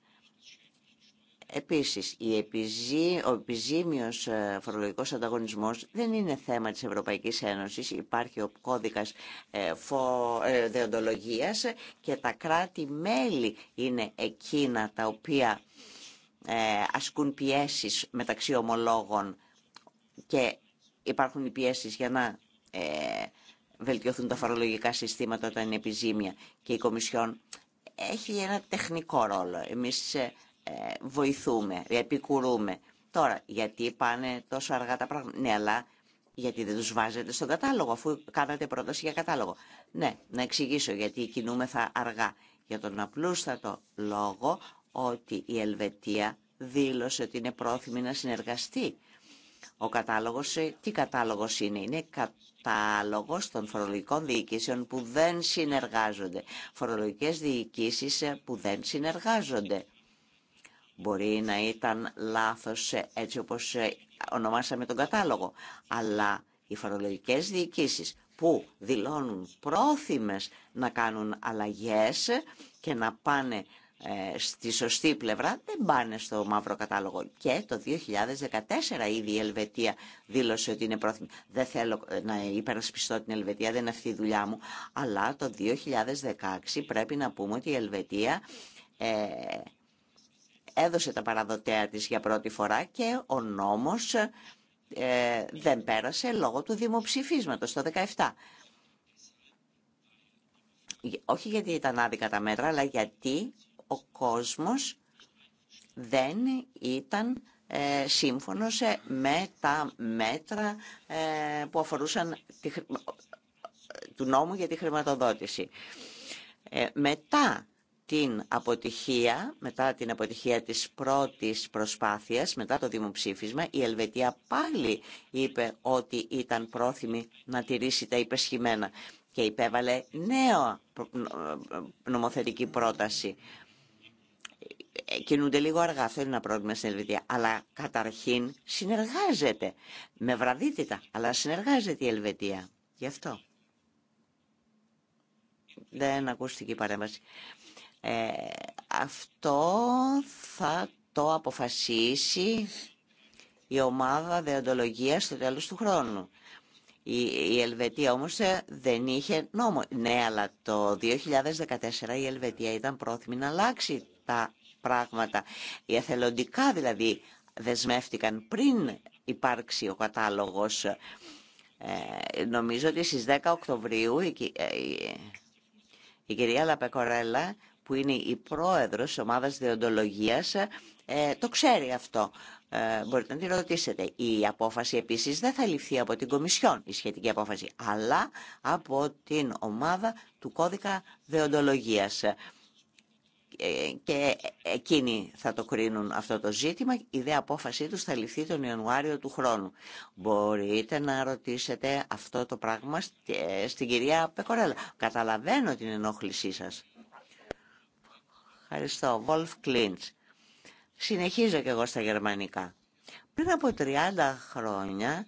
Επίσης, η επιζή, ο επιζήμιος φορολογικός ανταγωνισμός δεν είναι θέμα της Ευρωπαϊκής Ένωσης. Υπάρχει ο κώδικας δεοντολογίας και τα κράτη-μέλη είναι εκείνα τα οποία ε, ασκούν πιέσεις μεταξύ ομολόγων και υπάρχουν οι πιέσεις για να ε, βελτιωθούν τα φορολογικά συστήματα όταν είναι επιζήμια και η Κομισιόν έχει ένα τεχνικό ρόλο. Εμείς ε, βοηθούμε, επικουρούμε. Τώρα, γιατί πάνε τόσο αργά τα πράγματα. Ναι, αλλά γιατί δεν τους βάζετε στον κατάλογο, αφού κάνατε πρόταση για κατάλογο. Ναι, να εξηγήσω γιατί κινούμεθα αργά. Για τον απλούστατο λόγο ότι η Ελβετία δήλωσε ότι είναι πρόθυμη να συνεργαστεί. Ο κατάλογος, ε, τι κατάλογος είναι, είναι κατάλογος των φορολογικών διοικήσεων που δεν συνεργάζονται. Φορολογικές διοικήσεις ε, που δεν συνεργάζονται. Μπορεί να ήταν λάθος ε, έτσι όπως ονομάσαμε τον κατάλογο, αλλά οι φορολογικές διοικήσεις που δηλώνουν πρόθυμες να κάνουν αλλαγές και να πάνε ε, στη σωστή πλευρά δεν πάνε στο μαύρο κατάλογο. Και το 2014 ήδη η Ελβετία δήλωσε ότι είναι πρόθυμη. Δεν θέλω ε, να υπερασπιστώ την Ελβετία, δεν είναι αυτή η δουλειά μου. Αλλά το 2016 πρέπει να πούμε ότι η Ελβετία ε, έδωσε τα παραδοτέα της για πρώτη φορά και ο νόμος ε, δεν πέρασε λόγω του δημοψηφίσματος το 2017 όχι γιατί ήταν άδικα τα μέτρα, αλλά γιατί ο κόσμος δεν ήταν ε, σύμφωνος ε, με τα μέτρα ε, που αφορούσαν του νόμου για τη χρηματοδότηση. Μετά την αποτυχία, μετά την αποτυχία της πρώτης προσπάθειας, μετά το δημοψήφισμα, η Ελβετία πάλι είπε ότι ήταν πρόθυμη να τηρήσει τα υπεσχημένα και υπέβαλε νέα νομοθετική πρόταση ε, κινούνται λίγο αργά, αυτό είναι ένα πρόβλημα στην Ελβετία. Αλλά καταρχήν συνεργάζεται με βραδύτητα, αλλά συνεργάζεται η Ελβετία. Γι' αυτό. Δεν ακούστηκε η παρέμβαση. Ε, αυτό θα το αποφασίσει η ομάδα δεοντολογίας στο τέλος του χρόνου. Η, η Ελβετία όμως ε, δεν είχε νόμο. Ναι, αλλά το 2014 η Ελβετία ήταν πρόθυμη να αλλάξει τα πράγματα. Οι εθελοντικά δηλαδή δεσμεύτηκαν πριν υπάρξει ο κατάλογος. Ε, νομίζω ότι στις 10 Οκτωβρίου ε, η, κυρία Λαπεκορέλα που είναι η πρόεδρος της ομάδας διοντολογίας ε, το ξέρει αυτό. Ε, μπορείτε να τη ρωτήσετε. Η απόφαση επίσης δεν θα ληφθεί από την Κομισιόν, η σχετική απόφαση, αλλά από την ομάδα του κώδικα δεοντολογίας. Ε, και εκείνοι θα το κρίνουν αυτό το ζήτημα. Η δε απόφασή τους θα ληφθεί τον Ιανουάριο του χρόνου. Μπορείτε να ρωτήσετε αυτό το πράγμα ε, στην κυρία Πεκορέλα. Καταλαβαίνω την ενόχλησή σας. Ευχαριστώ. Βολφ Κλίντς. Συνεχίζω και εγώ στα γερμανικά. Πριν από 30 χρόνια,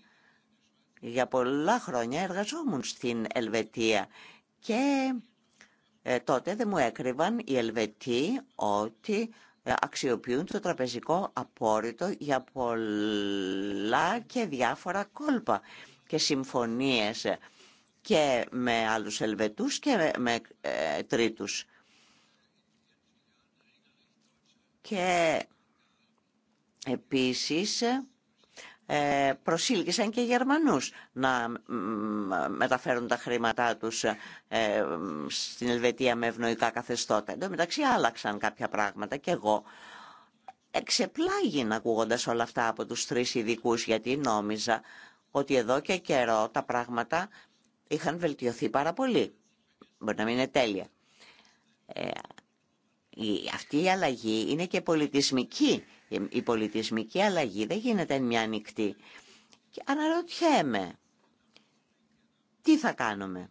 για πολλά χρόνια εργαζόμουν στην Ελβετία και ε, τότε δεν μου έκρυβαν οι Ελβετοί ότι ε, αξιοποιούν το τραπεζικό απόρριτο για πολλά και διάφορα κόλπα και συμφωνίες και με άλλους Ελβετούς και με ε, τρίτους. Και επίσης ε, προσήλκησαν και Γερμανούς να μεταφέρουν τα χρήματά τους ε, στην Ελβετία με ευνοϊκά καθεστώτα. Εν τω μεταξύ άλλαξαν κάποια πράγματα και εγώ εξεπλάγει ακούγοντα όλα αυτά από τους τρεις ειδικού γιατί νόμιζα ότι εδώ και καιρό τα πράγματα είχαν βελτιωθεί πάρα πολύ. Μπορεί να μην είναι τέλεια. Ε, αυτή η αλλαγή είναι και πολιτισμική ε, η πολιτισμική αλλαγή δεν γίνεται μια ανοιχτή. Και αναρωτιέμαι, τι θα κάνουμε.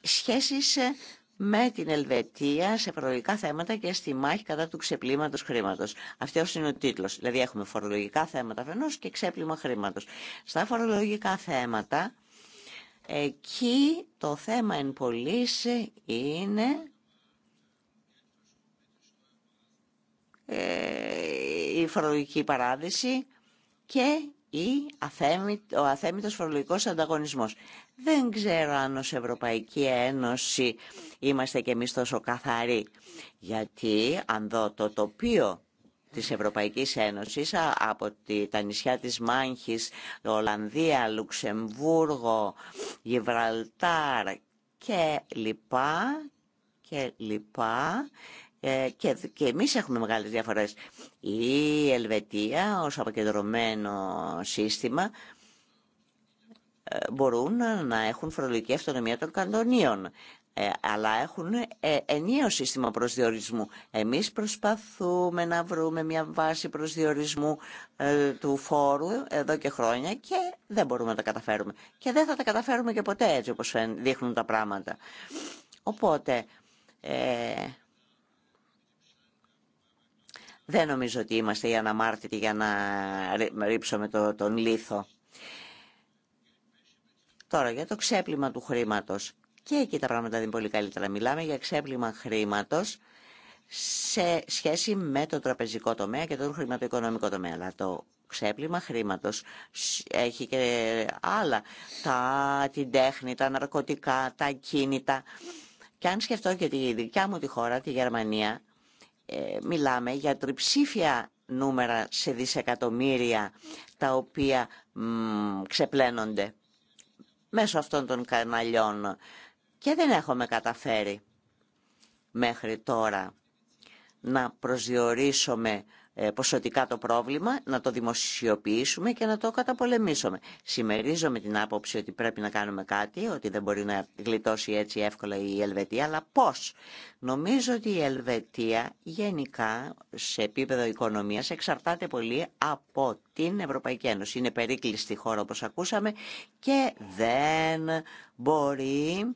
Σχέσεις ε, με την Ελβετία σε φορολογικά θέματα και στη μάχη κατά του ξεπλήματος χρήματος. Αυτό είναι ο τίτλος. Δηλαδή έχουμε φορολογικά θέματα αφενός και ξέπλυμα χρήματος. Στα φορολογικά θέματα, εκεί το θέμα εν πωλήση ε, είναι Ε, η φορολογική παράδειση και ή ο αθέμητος φορολογικός ανταγωνισμός. Δεν ξέρω αν ως Ευρωπαϊκή Ένωση είμαστε και εμείς τόσο καθαροί. Γιατί αν δω το τοπίο της Ευρωπαϊκής Ένωσης από τα νησιά της Μάνχης, Ολλανδία, Λουξεμβούργο, Γιβραλτάρ και λοιπά και λοιπά ε, και, και εμείς έχουμε μεγάλες διαφορές. Η Ελβετία ως αποκεντρωμένο σύστημα ε, μπορούν να έχουν φορολογική αυτονομία των καντονίων. Ε, αλλά έχουν ενίο σύστημα προσδιορισμού. Εμείς προσπαθούμε να βρούμε μια βάση προσδιορισμού του φόρου εδώ και χρόνια και δεν μπορούμε να τα καταφέρουμε. Και δεν θα τα καταφέρουμε και ποτέ έτσι όπως δείχνουν τα πράγματα. Οπότε, δεν νομίζω ότι είμαστε οι αναμάρτητοι για να ρίψουμε το, τον λίθο. Τώρα για το ξέπλυμα του χρήματος. Και εκεί τα πράγματα είναι πολύ καλύτερα. Μιλάμε για ξέπλυμα χρήματος σε σχέση με το τραπεζικό τομέα και το χρηματοοικονομικό τομέα. Αλλά το ξέπλυμα χρήματος έχει και άλλα. Τα, την τέχνη, τα ναρκωτικά, τα κίνητα. Και αν σκεφτώ και τη δικιά μου τη χώρα, τη Γερμανία, μιλάμε για τριψήφια νούμερα σε δισεκατομμύρια τα οποία μ, ξεπλένονται μέσω αυτών των καναλιών και δεν έχουμε καταφέρει μέχρι τώρα να προσδιορίσουμε ε, ποσοτικά το πρόβλημα, να το δημοσιοποιήσουμε και να το καταπολεμήσουμε. με την άποψη ότι πρέπει να κάνουμε κάτι, ότι δεν μπορεί να γλιτώσει έτσι εύκολα η Ελβετία, αλλά πώς. Νομίζω ότι η Ελβετία γενικά σε επίπεδο οικονομίας εξαρτάται πολύ από την Ευρωπαϊκή Ένωση. Είναι περίκλειστη χώρα όπως ακούσαμε και δεν μπορεί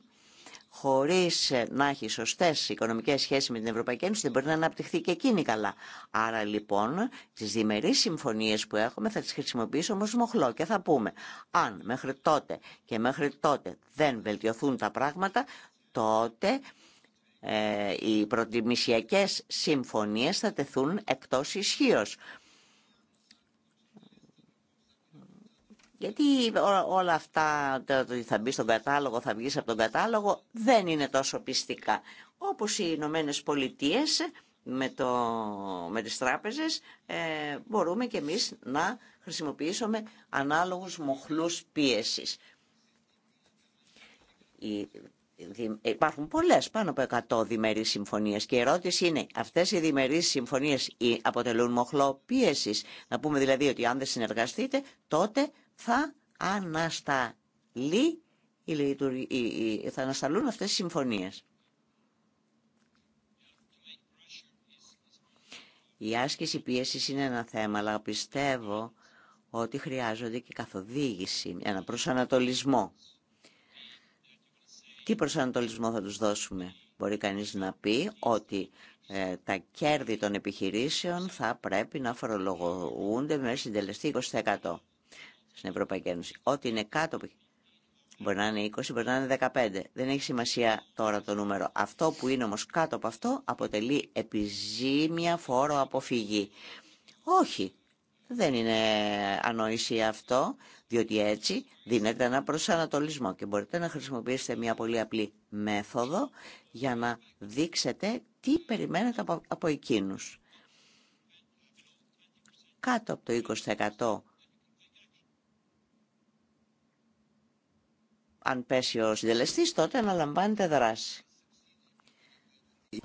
χωρίς ε, να έχει σωστέ οικονομικέ σχέσει με την Ευρωπαϊκή Ένωση δεν μπορεί να αναπτυχθεί και εκείνη καλά. Άρα λοιπόν τις διμερείς συμφωνίες που έχουμε θα τις χρησιμοποιήσω όμω. μοχλό και θα πούμε αν μέχρι τότε και μέχρι τότε δεν βελτιωθούν τα πράγματα τότε ε, οι προτιμησιακές συμφωνίες θα τεθούν εκτός ισχύως. Γιατί όλα αυτά, ότι θα μπει στον κατάλογο, θα βγεις από τον κατάλογο, δεν είναι τόσο πιστικά. Όπως οι Ηνωμένε Πολιτείε με, το, με τις τράπεζες, ε, μπορούμε και εμείς να χρησιμοποιήσουμε ανάλογους μοχλούς πίεσης. υπάρχουν πολλές, πάνω από 100 διμερείς συμφωνίες και η ερώτηση είναι, αυτές οι διμερείς συμφωνίες ε, αποτελούν μοχλό πίεσης. Να πούμε δηλαδή ότι αν δεν συνεργαστείτε, τότε θα ανασταλεί θα ανασταλούν αυτές οι συμφωνίες. Η άσκηση πίεση είναι ένα θέμα, αλλά πιστεύω ότι χρειάζονται και καθοδήγηση, ένα προσανατολισμό. Τι προσανατολισμό θα τους δώσουμε. Μπορεί κανείς να πει ότι ε, τα κέρδη των επιχειρήσεων θα πρέπει να φορολογούνται με συντελεστή 20% στην Ευρωπαϊκή Ένωση. Ό,τι είναι κάτω, μπορεί να είναι 20, μπορεί να είναι 15. Δεν έχει σημασία τώρα το νούμερο. Αυτό που είναι όμως κάτω από αυτό αποτελεί επιζήμια φόρο αποφυγή. Όχι, δεν είναι ανόηση αυτό, διότι έτσι δίνεται ένα προσανατολισμό και μπορείτε να χρησιμοποιήσετε μια πολύ απλή μέθοδο για να δείξετε τι περιμένετε από, εκείνους. Κάτω από το αν πέσει ο συντελεστής, τότε αναλαμβάνεται δράση.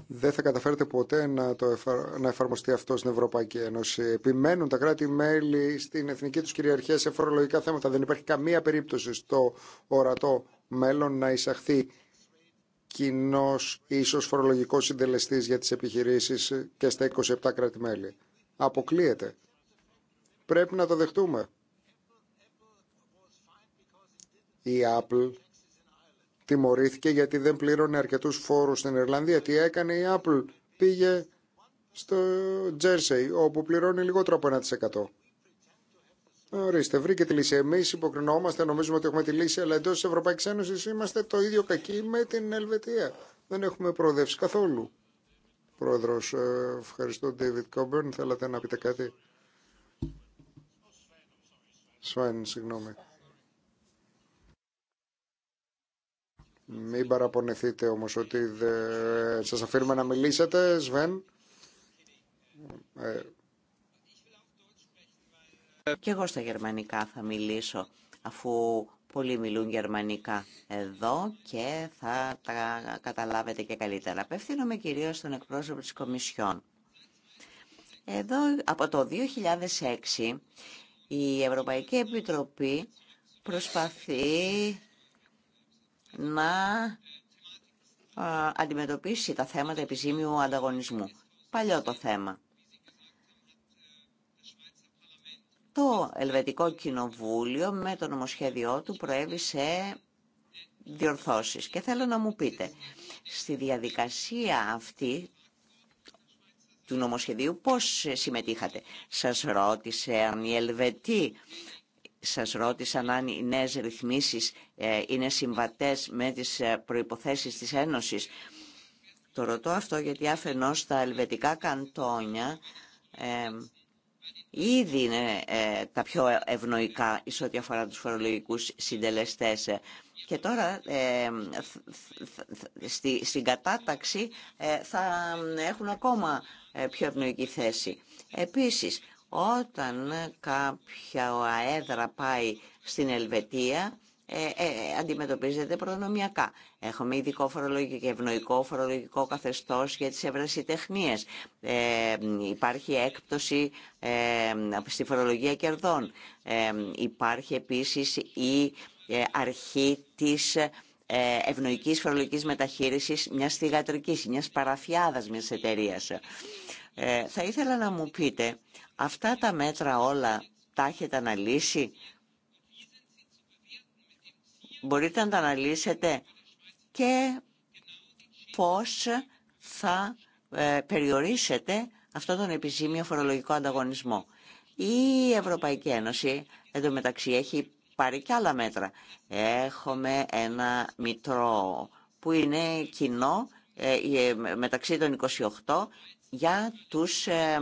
Δεν θα καταφέρετε ποτέ να, το να εφαρμοστεί αυτό στην Ευρωπαϊκή Ένωση. Επιμένουν τα κράτη-μέλη στην εθνική τους κυριαρχία σε φορολογικά θέματα. Δεν υπάρχει καμία περίπτωση στο ορατό μέλλον να εισαχθεί κοινό ίσως φορολογικό συντελεστή για τις επιχειρήσεις και στα 27 κράτη-μέλη. Αποκλείεται. Πρέπει να το δεχτούμε. Η Apple τιμωρήθηκε γιατί δεν πλήρωνε αρκετούς φόρους στην Ιρλανδία. Τι έκανε η Apple. Πήγε στο Jersey όπου πληρώνει λιγότερο από 1%. Ορίστε, βρήκε τη λύση. Εμεί υποκρινόμαστε, νομίζουμε ότι έχουμε τη λύση, αλλά εντό τη Ευρωπαϊκή Ένωση είμαστε το ίδιο κακοί με την Ελβετία. Δεν έχουμε προοδεύσει καθόλου. Πρόεδρο, ε, ευχαριστώ, David Coburn. Θέλατε να πείτε κάτι. Σφάιν, συγγνώμη. Μην παραπονεθείτε όμως ότι σας αφήνουμε να μιλήσετε, Σβέν. Ε, και εγώ στα γερμανικά θα μιλήσω, αφού πολλοί μιλούν γερμανικά εδώ και θα τα καταλάβετε και καλύτερα. Απευθύνομαι κυρίως στον εκπρόσωπο της Κομισιόν. Εδώ από το 2006 η Ευρωπαϊκή Επιτροπή προσπαθεί να αντιμετωπίσει τα θέματα επιζήμιου ανταγωνισμού. Παλιό το θέμα. Το Ελβετικό Κοινοβούλιο με το νομοσχέδιό του προέβησε διορθώσεις. Και θέλω να μου πείτε, στη διαδικασία αυτή του νομοσχεδίου πώς συμμετείχατε. Σας ρώτησε αν οι Ελβετοί σας ρώτησαν αν οι νέες ρυθμίσεις ε, είναι συμβατές με τις ε, προϋποθέσεις της Ένωσης. Το ρωτώ αυτό γιατί αφενός τα ελβετικά καντόνια ε, ήδη είναι ε, τα πιο ευνοϊκά εις ό,τι αφορά τους φορολογικούς συντελεστές. Και τώρα στη, στην κατάταξη θα έχουν ακόμα πιο ευνοϊκή θέση. Επίσης, όταν ε, κάποια αέδρα πάει στην Ελβετία, ε, ε, ε, αντιμετωπίζεται προνομιακά. Έχουμε ειδικό φορολογικό και ευνοϊκό φορολογικό καθεστώς για τις ευρεσιτεχνίες. Ε, υπάρχει έκπτωση ε, στη φορολογία κερδών. υπάρχει επίσης η αρχή της ευνοϊκής φορολογικής μεταχείρισης μιας θηγατρικής, μιας παραφιάδας μιας εταιρείας. Ε, θα ήθελα να μου πείτε, αυτά τα μέτρα όλα τα έχετε αναλύσει. Μπορείτε να τα αναλύσετε και πώς θα ε, περιορίσετε αυτόν τον επιζήμιο φορολογικό ανταγωνισμό. Η Ευρωπαϊκή Ένωση εντωμεταξύ έχει πάρει και άλλα μέτρα. Έχουμε ένα μητρό που είναι κοινό ε, ε, μεταξύ των 28 για, τους, ε,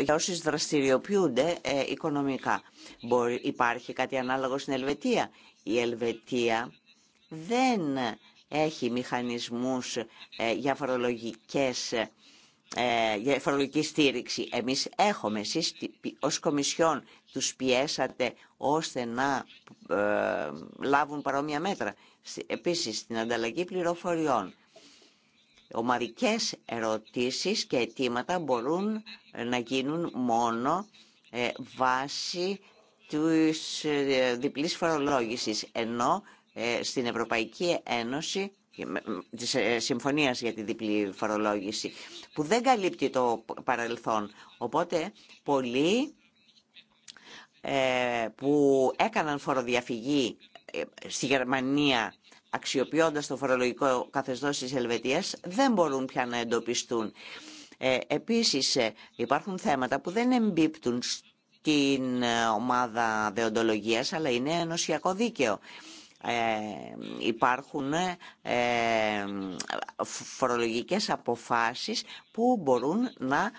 για όσους δραστηριοποιούνται ε, οικονομικά. Μπορεί, υπάρχει κάτι ανάλογο στην Ελβετία. Η Ελβετία δεν έχει μηχανισμούς ε, για φορολογικές για φορολογική στήριξη. Εμείς έχουμε, εσείς ως Κομισιόν τους πιέσατε ώστε να λάβουν παρόμοια μέτρα. Επίσης, στην ανταλλαγή πληροφοριών ομαδικές ερωτήσεις και αιτήματα μπορούν να γίνουν μόνο ε, βάσει της ε, διπλής φορολόγησης, ενώ ε, στην Ευρωπαϊκή Ένωση της Συμφωνίας για τη διπλή φορολόγηση, που δεν καλύπτει το παρελθόν. Οπότε, πολλοί που έκαναν φοροδιαφυγή στη Γερμανία Αξιοποιώντα το φορολογικό καθεστώ της Ελβετίας, δεν μπορούν πια να εντοπιστούν. Ε, επίσης, ε, υπάρχουν θέματα που δεν εμπίπτουν στην ε, ομάδα δεοντολογίας, αλλά είναι ενωσιακό δίκαιο. Ε, υπάρχουν ε, φορολογικές αποφάσεις που μπορούν να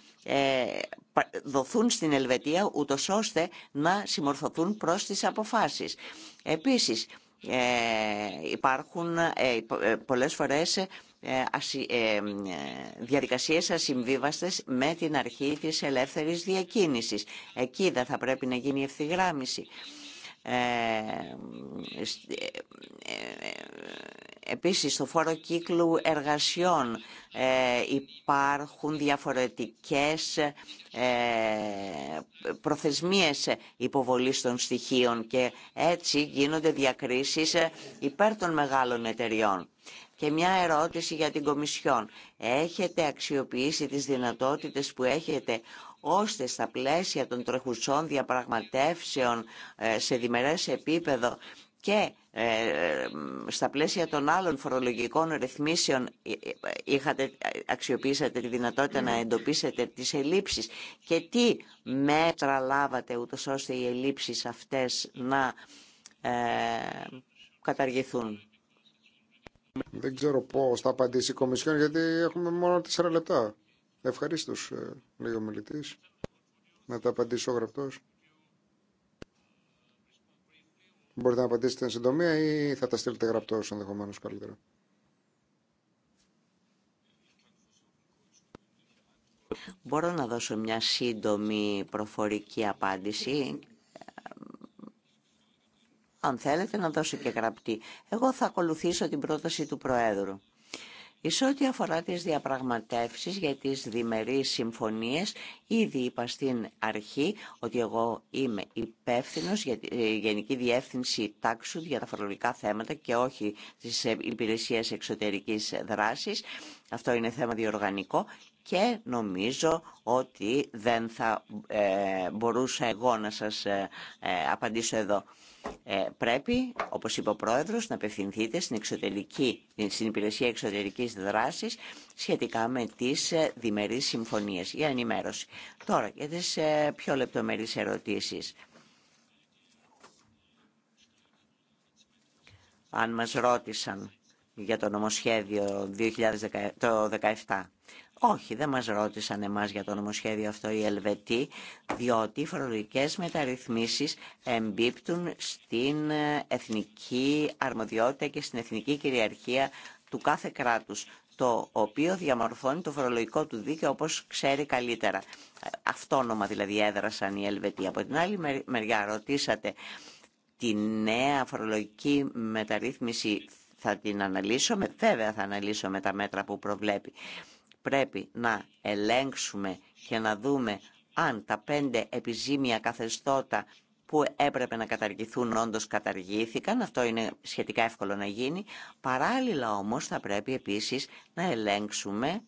δοθούν στην Ελβετία ούτω ώστε να συμμορφωθούν προς τις αποφάσεις. Επίσης, ε, υπάρχουν ε, ε, πολλές φορές διαδικασίες ασυμβίβαστες με την αρχή της ελεύθερης διακίνησης. Εκεί δεν θα πρέπει να γίνει ευθυγράμμιση. Ε, ε, ε, επίσης, στο φόρο κύκλου εργασιών υπάρχουν διαφορετικές προθεσμίες υποβολής των στοιχείων και έτσι γίνονται διακρίσεις υπέρ των μεγάλων εταιριών. Και μια ερώτηση για την Κομισιόν. Έχετε αξιοποιήσει τις δυνατότητες που έχετε ώστε στα πλαίσια των τρεχουσών διαπραγματεύσεων ε, σε διμερές επίπεδο και ε, στα πλαίσια των άλλων φορολογικών ρυθμίσεων ε, είχατε, αξιοποιήσατε τη δυνατότητα να εντοπίσετε τις ελλείψεις και τι μέτρα λάβατε ούτως ώστε οι ελλείψεις αυτές να καταργηθούν. Δεν ξέρω πώς θα απαντήσει η Κομισιόν γιατί έχουμε μόνο 4 λεπτά. Ευχαρίστω, ε, λέει ο μιλητή, να τα απαντήσω γραπτό. Μπορείτε να απαντήσετε εν συντομία ή θα τα στείλετε γραπτό ενδεχομένω καλύτερα. Μπορώ να δώσω μια σύντομη προφορική απάντηση. Αν θέλετε να δώσω και γραπτή. Εγώ θα ακολουθήσω την πρόταση του Προέδρου. Σε ό,τι αφορά τις διαπραγματεύσεις για τις διμερείς συμφωνίες, ήδη είπα στην αρχή ότι εγώ είμαι υπεύθυνο για τη ε, Γενική Διεύθυνση Τάξου για τα φορολογικά θέματα και όχι της ε, υπηρεσία Εξωτερικής Δράσης. Αυτό είναι θέμα διοργανικό και νομίζω ότι δεν θα ε, μπορούσα εγώ να σας απαντήσω εδώ. Ε, πρέπει, όπως είπε ο Πρόεδρος, να απευθυνθείτε στην, εξωτερική, στην Υπηρεσία Εξωτερικής Δράσης σχετικά με τις ε, διμερείς συμφωνίες για ενημέρωση. Τώρα, για τις ε, πιο λεπτομερείς ερωτήσεις. Αν μας ρώτησαν για το νομοσχέδιο το 2017 όχι, δεν μας ρώτησαν εμάς για το νομοσχέδιο αυτό οι Ελβετοί, διότι οι φορολογικές μεταρρυθμίσεις εμπίπτουν στην ε, εθνική αρμοδιότητα και στην εθνική κυριαρχία του κάθε κράτους, το οποίο διαμορφώνει το φορολογικό του δίκαιο όπως ξέρει καλύτερα. Αυτόνομα δηλαδή έδρασαν οι Ελβετοί. Από την άλλη μεριά ρωτήσατε τη νέα φορολογική μεταρρύθμιση θα την αναλύσω, βέβαια θα αναλύσω με τα μέτρα που προβλέπει πρέπει να ελέγξουμε και να δούμε αν τα πέντε επιζήμια καθεστώτα που έπρεπε να καταργηθούν όντως καταργήθηκαν, αυτό είναι σχετικά εύκολο να γίνει. Παράλληλα όμως θα πρέπει επίσης να ελέγξουμε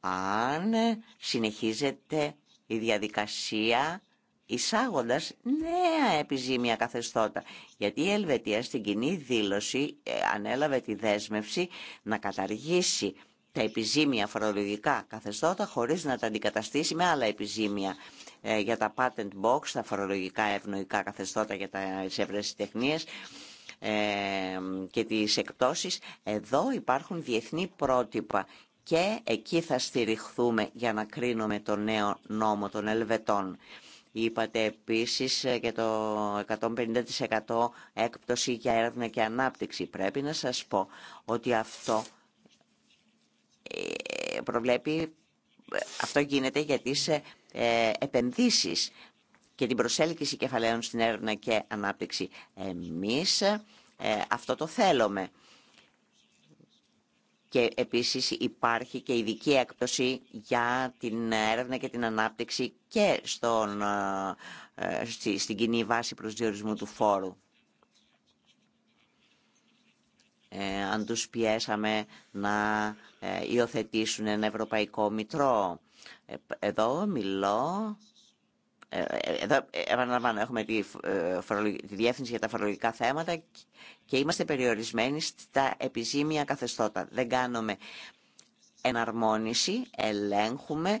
αν συνεχίζεται η διαδικασία εισάγοντας νέα επιζήμια καθεστώτα. Γιατί η Ελβετία στην κοινή δήλωση ε, ανέλαβε τη δέσμευση να καταργήσει τα επιζήμια φορολογικά καθεστώτα χωρίς να τα αντικαταστήσει με άλλα επιζήμια ε, για τα patent box, τα φορολογικά ευνοϊκά καθεστώτα για τις ε, και τις εκπτώσεις. Εδώ υπάρχουν διεθνή πρότυπα και εκεί θα στηριχθούμε για να κρίνουμε το νέο νόμο των Ελβετών. Είπατε επίσης για ε, το 150% έκπτωση για έρευνα και ανάπτυξη. Πρέπει να σας πω ότι αυτό ε, προβλέπει, ε, αυτό γίνεται για τις ε, επενδύσεις και την προσέλκυση κεφαλαίων στην έρευνα και ανάπτυξη. Εμείς αυτό το θέλουμε. Και επίσης υπάρχει και ειδική έκπτωση για την έρευνα και την ανάπτυξη και στον, στην κοινή βάση προσδιορισμού του φόρου. Ε, αν τους πιέσαμε να ε, υιοθετήσουν ένα ευρωπαϊκό μητρό. Ε, εδώ μιλώ... Εδώ, επαναλαμβάνω, έχουμε τη, τη διεύθυνση για τα φορολογικά θέματα και είμαστε περιορισμένοι στα επιζήμια καθεστώτα. Δεν κάνουμε εναρμόνιση, ελέγχουμε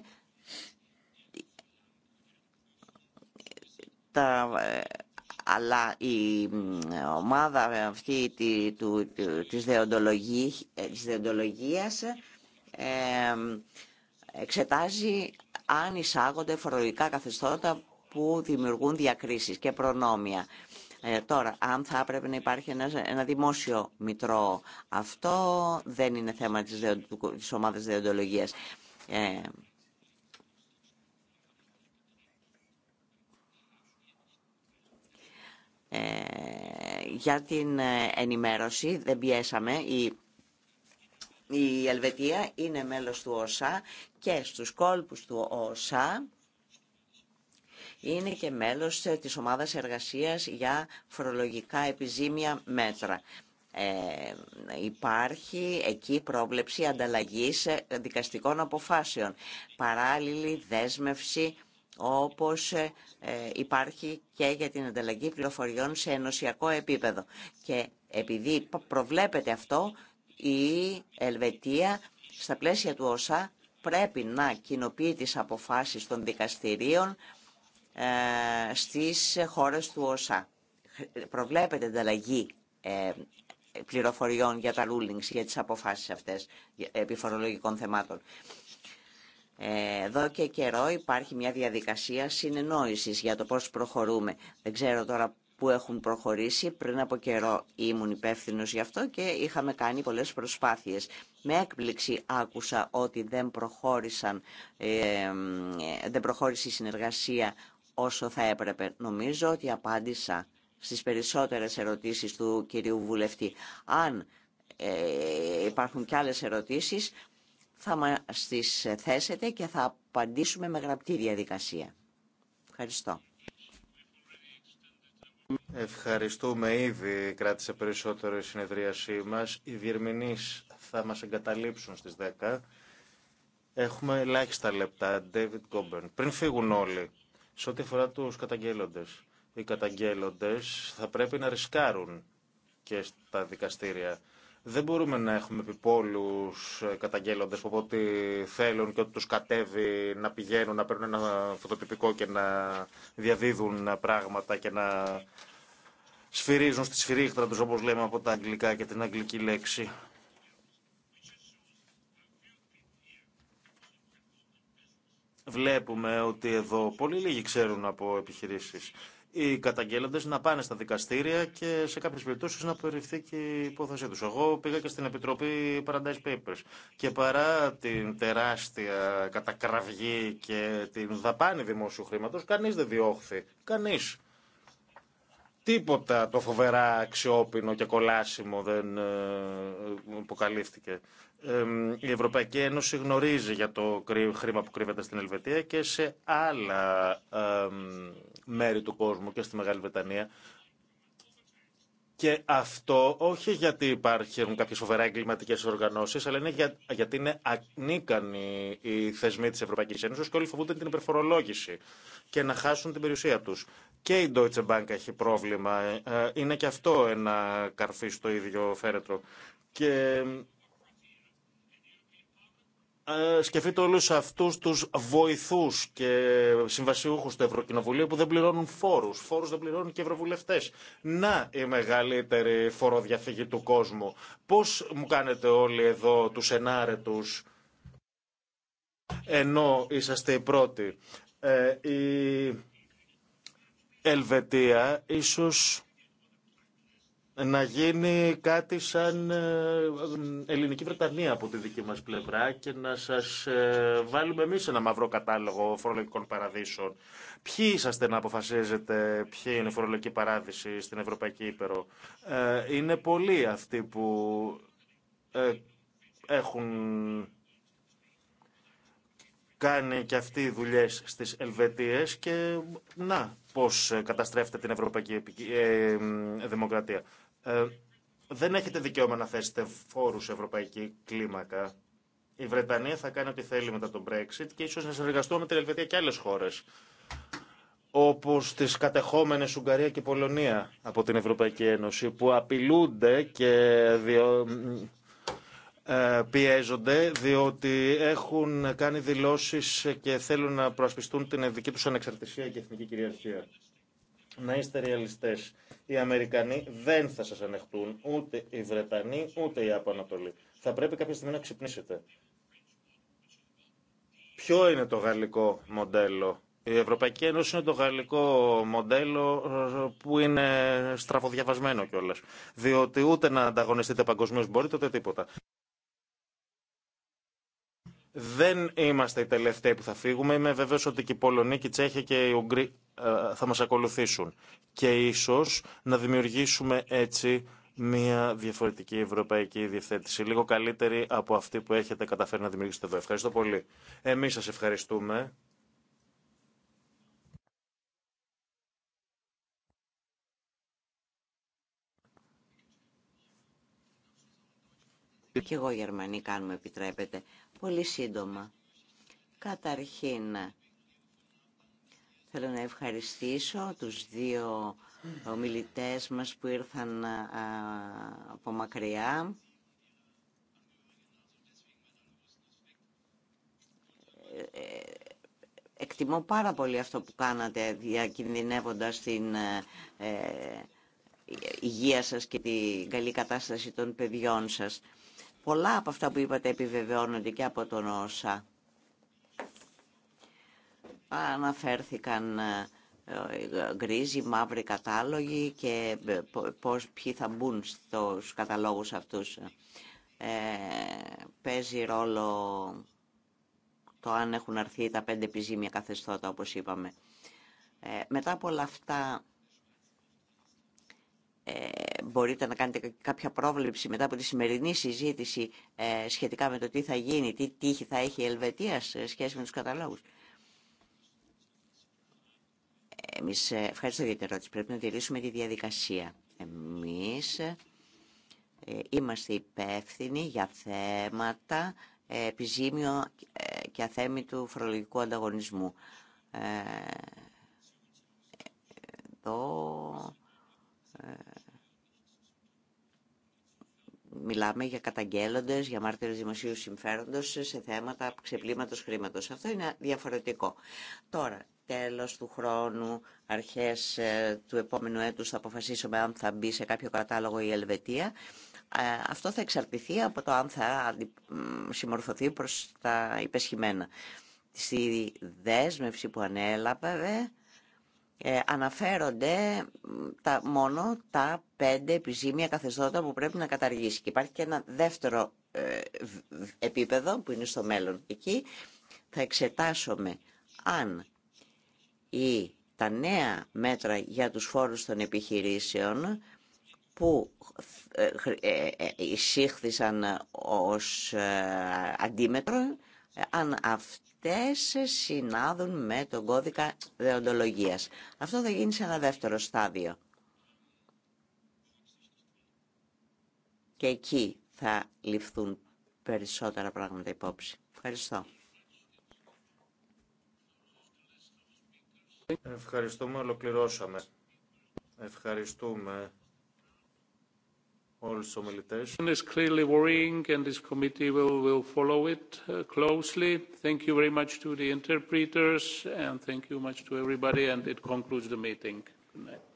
τα αλλά η ομάδα αυτή ε, της δεοντολογίας εξετάζει αν εισάγονται φορολογικά καθεστώτα που δημιουργούν διακρίσεις και προνόμια. Ε, τώρα, αν θα έπρεπε να υπάρχει ένα, δημόσιο μητρό, αυτό δεν είναι θέμα της, της ομάδας δεοντολογίας. Ε, Ε, για την ε, ενημέρωση, δεν πιέσαμε, η, η Ελβετία είναι μέλος του ΟΣΑ και στους κόλπους του ΟΣΑ είναι και μέλος ε, της ομάδας εργασίας για φορολογικά επιζήμια μέτρα. Ε, υπάρχει εκεί πρόβλεψη ανταλλαγής δικαστικών αποφάσεων, παράλληλη δέσμευση όπως ε, ε, υπάρχει και για την ανταλλαγή πληροφοριών σε ενωσιακό επίπεδο. Και επειδή προβλέπεται αυτό, η Ελβετία στα πλαίσια του ΩΣΑ πρέπει να κοινοποιεί τις αποφάσεις των δικαστηρίων ε, στις χώρες του ΩΣΑ. Προβλέπεται ανταλλαγή πληροφοριών για τα rulings, για τις αποφάσεις αυτές επιφορολογικών θεμάτων. Ε, εδώ και καιρό υπάρχει μια διαδικασία συνεννόησης για το πώς προχωρούμε. Δεν ξέρω τώρα που έχουν προχωρήσει. Πριν από καιρό ήμουν υπεύθυνο γι' αυτό και είχαμε κάνει πολλές προσπάθειες. Με έκπληξη άκουσα ότι δεν, προχώρησαν, ε, δεν προχώρησε η συνεργασία όσο θα έπρεπε. Νομίζω ότι απάντησα στις περισσότερες ερωτήσεις του κυρίου Βουλευτή. Αν ε, υπάρχουν και άλλες ερωτήσεις θα μας τις θέσετε και θα απαντήσουμε με γραπτή διαδικασία. Ευχαριστώ. Ευχαριστούμε ήδη, κράτησε περισσότερο η συνεδρίασή μας. Οι διερμηνείς θα μας εγκαταλείψουν στις 10. Έχουμε ελάχιστα λεπτά, David Coburn. Πριν φύγουν όλοι, σε ό,τι αφορά τους καταγγέλλοντες. Οι καταγγέλλοντες θα πρέπει να ρισκάρουν και στα δικαστήρια. Δεν μπορούμε να έχουμε επιπόλους ε, καταγγέλλοντε από ό,τι θέλουν και ό,τι του κατέβει να πηγαίνουν, να παίρνουν ένα φωτοτυπικό και να διαδίδουν πράγματα και να σφυρίζουν στη σφυρίχτρα του, όπω λέμε από τα αγγλικά και την αγγλική λέξη. Βλέπουμε ότι εδώ πολύ λίγοι ξέρουν από επιχειρήσεις οι καταγγέλλοντε να πάνε στα δικαστήρια και σε κάποιε περιπτώσει να περιφθεί και η υπόθεσή του. Εγώ πήγα και στην Επιτροπή Paradise Papers και παρά την τεράστια κατακραυγή και την δαπάνη δημόσιου χρήματο, κανεί δεν διώχθη. Κανεί. Τίποτα το φοβερά αξιόπινο και κολάσιμο δεν ε, αποκαλύφθηκε. Η Ευρωπαϊκή Ένωση γνωρίζει για το χρήμα που κρύβεται στην Ελβετία και σε άλλα μέρη του κόσμου και στη Μεγάλη Βρετανία. Και αυτό όχι γιατί υπάρχουν κάποιε φοβερά εγκληματικέ οργανώσει, αλλά είναι γιατί είναι ανίκανοι οι θεσμοί τη Ευρωπαϊκή Ένωση και όλοι φοβούνται την υπερφορολόγηση και να χάσουν την περιουσία του. Και η Deutsche Bank έχει πρόβλημα. Ε, ε, είναι και αυτό ένα καρφί στο ίδιο φέρετρο. Και ε, σκεφτείτε όλους αυτούς τους βοηθούς και συμβασιούχους του Ευρωκοινοβουλίου που δεν πληρώνουν φόρους. Φόρους δεν πληρώνουν και ευρωβουλευτές. Να η μεγαλύτερη φοροδιαφύγη του κόσμου. Πώς μου κάνετε όλοι εδώ τους ενάρετους ενώ είσαστε οι πρώτοι. Ε, η Ελβετία ίσως να γίνει κάτι σαν ε, ελληνική Βρετανία από τη δική μας πλευρά και να σας ε, βάλουμε εμείς ένα μαύρο κατάλογο φορολογικών παραδείσων. Ποιοι είσαστε να αποφασίζετε ποιοι είναι οι φορολογικοί παράδεισοι στην Ευρωπαϊκή ύπερο; ε, Είναι πολλοί αυτοί που έχουν κάνει και αυτοί οι δουλειές στις Ελβετίες και να πώς καταστρέφεται την Ευρωπαϊκή Δημοκρατία. Ε, δεν έχετε δικαίωμα να θέσετε φόρους σε ευρωπαϊκή κλίμακα. Η Βρετανία θα κάνει ό,τι θέλει μετά τον Brexit και ίσως να συνεργαστούμε με την Ελβετία και άλλες χώρες όπως τις κατεχόμενες Ουγγαρία και Πολωνία από την Ευρωπαϊκή Ένωση που απειλούνται και ε, πιέζονται διότι έχουν κάνει δηλώσεις και θέλουν να προασπιστούν την δική τους ανεξαρτησία και εθνική κυριαρχία να είστε ρεαλιστές. Οι Αμερικανοί δεν θα σας ανεχτούν, ούτε οι Βρετανοί, ούτε οι Απανατολοί. Θα πρέπει κάποια στιγμή να ξυπνήσετε. Ποιο είναι το γαλλικό μοντέλο. Η Ευρωπαϊκή Ένωση είναι το γαλλικό μοντέλο ε, που είναι στραφοδιαβασμένο κιόλας. Διότι ούτε να ανταγωνιστείτε παγκοσμίως μπορείτε, ούτε τίποτα. Δεν είμαστε οι τελευταίοι που θα φύγουμε. Είμαι βεβαίως ότι και οι Πολωνοί, και οι Τσέχοι και οι Ουγγροί ε, θα μα ακολουθήσουν. Και ίσω να δημιουργήσουμε έτσι μια διαφορετική ευρωπαϊκή διευθέτηση. Λίγο καλύτερη από αυτή που έχετε καταφέρει να δημιουργήσετε εδώ. Ευχαριστώ πολύ. Εμεί σα ευχαριστούμε. Και εγώ γερμανικά, αν μου επιτρέπετε. Πολύ σύντομα. Καταρχήν, θέλω να ευχαριστήσω τους δύο ομιλητές μας που ήρθαν από μακριά. Εκτιμώ πάρα πολύ αυτό που κάνατε διακινδυνεύοντας την ε, ε, υγεία σας και την καλή κατάσταση των παιδιών σας. Πολλά από αυτά που είπατε επιβεβαιώνονται και από τον ΩΣΑ. Αναφέρθηκαν ε, ε, γκρίζοι, μαύροι κατάλογοι και ε, πώς, ποιοι θα μπουν στους καταλόγους αυτούς. παίζει ρόλο το αν έχουν αρθεί τα πέντε επιζήμια καθεστώτα, όπως είπαμε. Ε, μετά από όλα αυτά, ε, μπορείτε να κάνετε κάποια πρόβλεψη μετά από τη σημερινή συζήτηση ε, σχετικά με το τι θα γίνει, τι τύχη θα έχει η Ελβετία σε σχέση με τους καταλόγους. Εμείς, ε, ευχαριστώ για την ερώτηση, πρέπει να τηρήσουμε τη διαδικασία. Εμείς ε, είμαστε υπεύθυνοι για θέματα ε, επιζήμιο και αθέμη του φορολογικού ανταγωνισμού. Εδώ μιλάμε για καταγγέλλοντες, για μάρτυρες δημοσίου συμφέροντος σε θέματα ξεπλήματος χρήματος. Αυτό είναι διαφορετικό. Τώρα, τέλος του χρόνου, αρχές ε, του επόμενου έτους θα αποφασίσουμε αν θα μπει σε κάποιο κατάλογο η Ελβετία. Ε, αυτό θα εξαρτηθεί από το αν θα συμμορφωθεί προς τα υπεσχημένα. Στη δέσμευση που ανέλαβε ε, αναφέρονται τα, μόνο τα πέντε επιζήμια καθεστώτα που πρέπει να καταργήσει. Και υπάρχει και ένα δεύτερο ε, επίπεδο που είναι στο μέλλον. Εκεί θα εξετάσουμε αν η, τα νέα μέτρα για τους φόρους των επιχειρήσεων που ε, εισήχθησαν ως αντίμετρο αν αυτό Τέσσερι συνάδουν με τον κώδικα δεοντολογίας. Αυτό θα γίνει σε ένα δεύτερο στάδιο. Και εκεί θα ληφθούν περισσότερα πράγματα υπόψη. Ευχαριστώ. Ευχαριστούμε, ολοκληρώσαμε. Ευχαριστούμε όλους τους ομιλητές. is clearly worrying and this committee will, will follow it closely. Thank you very much to the interpreters and thank you much to everybody and it concludes the meeting. Good night.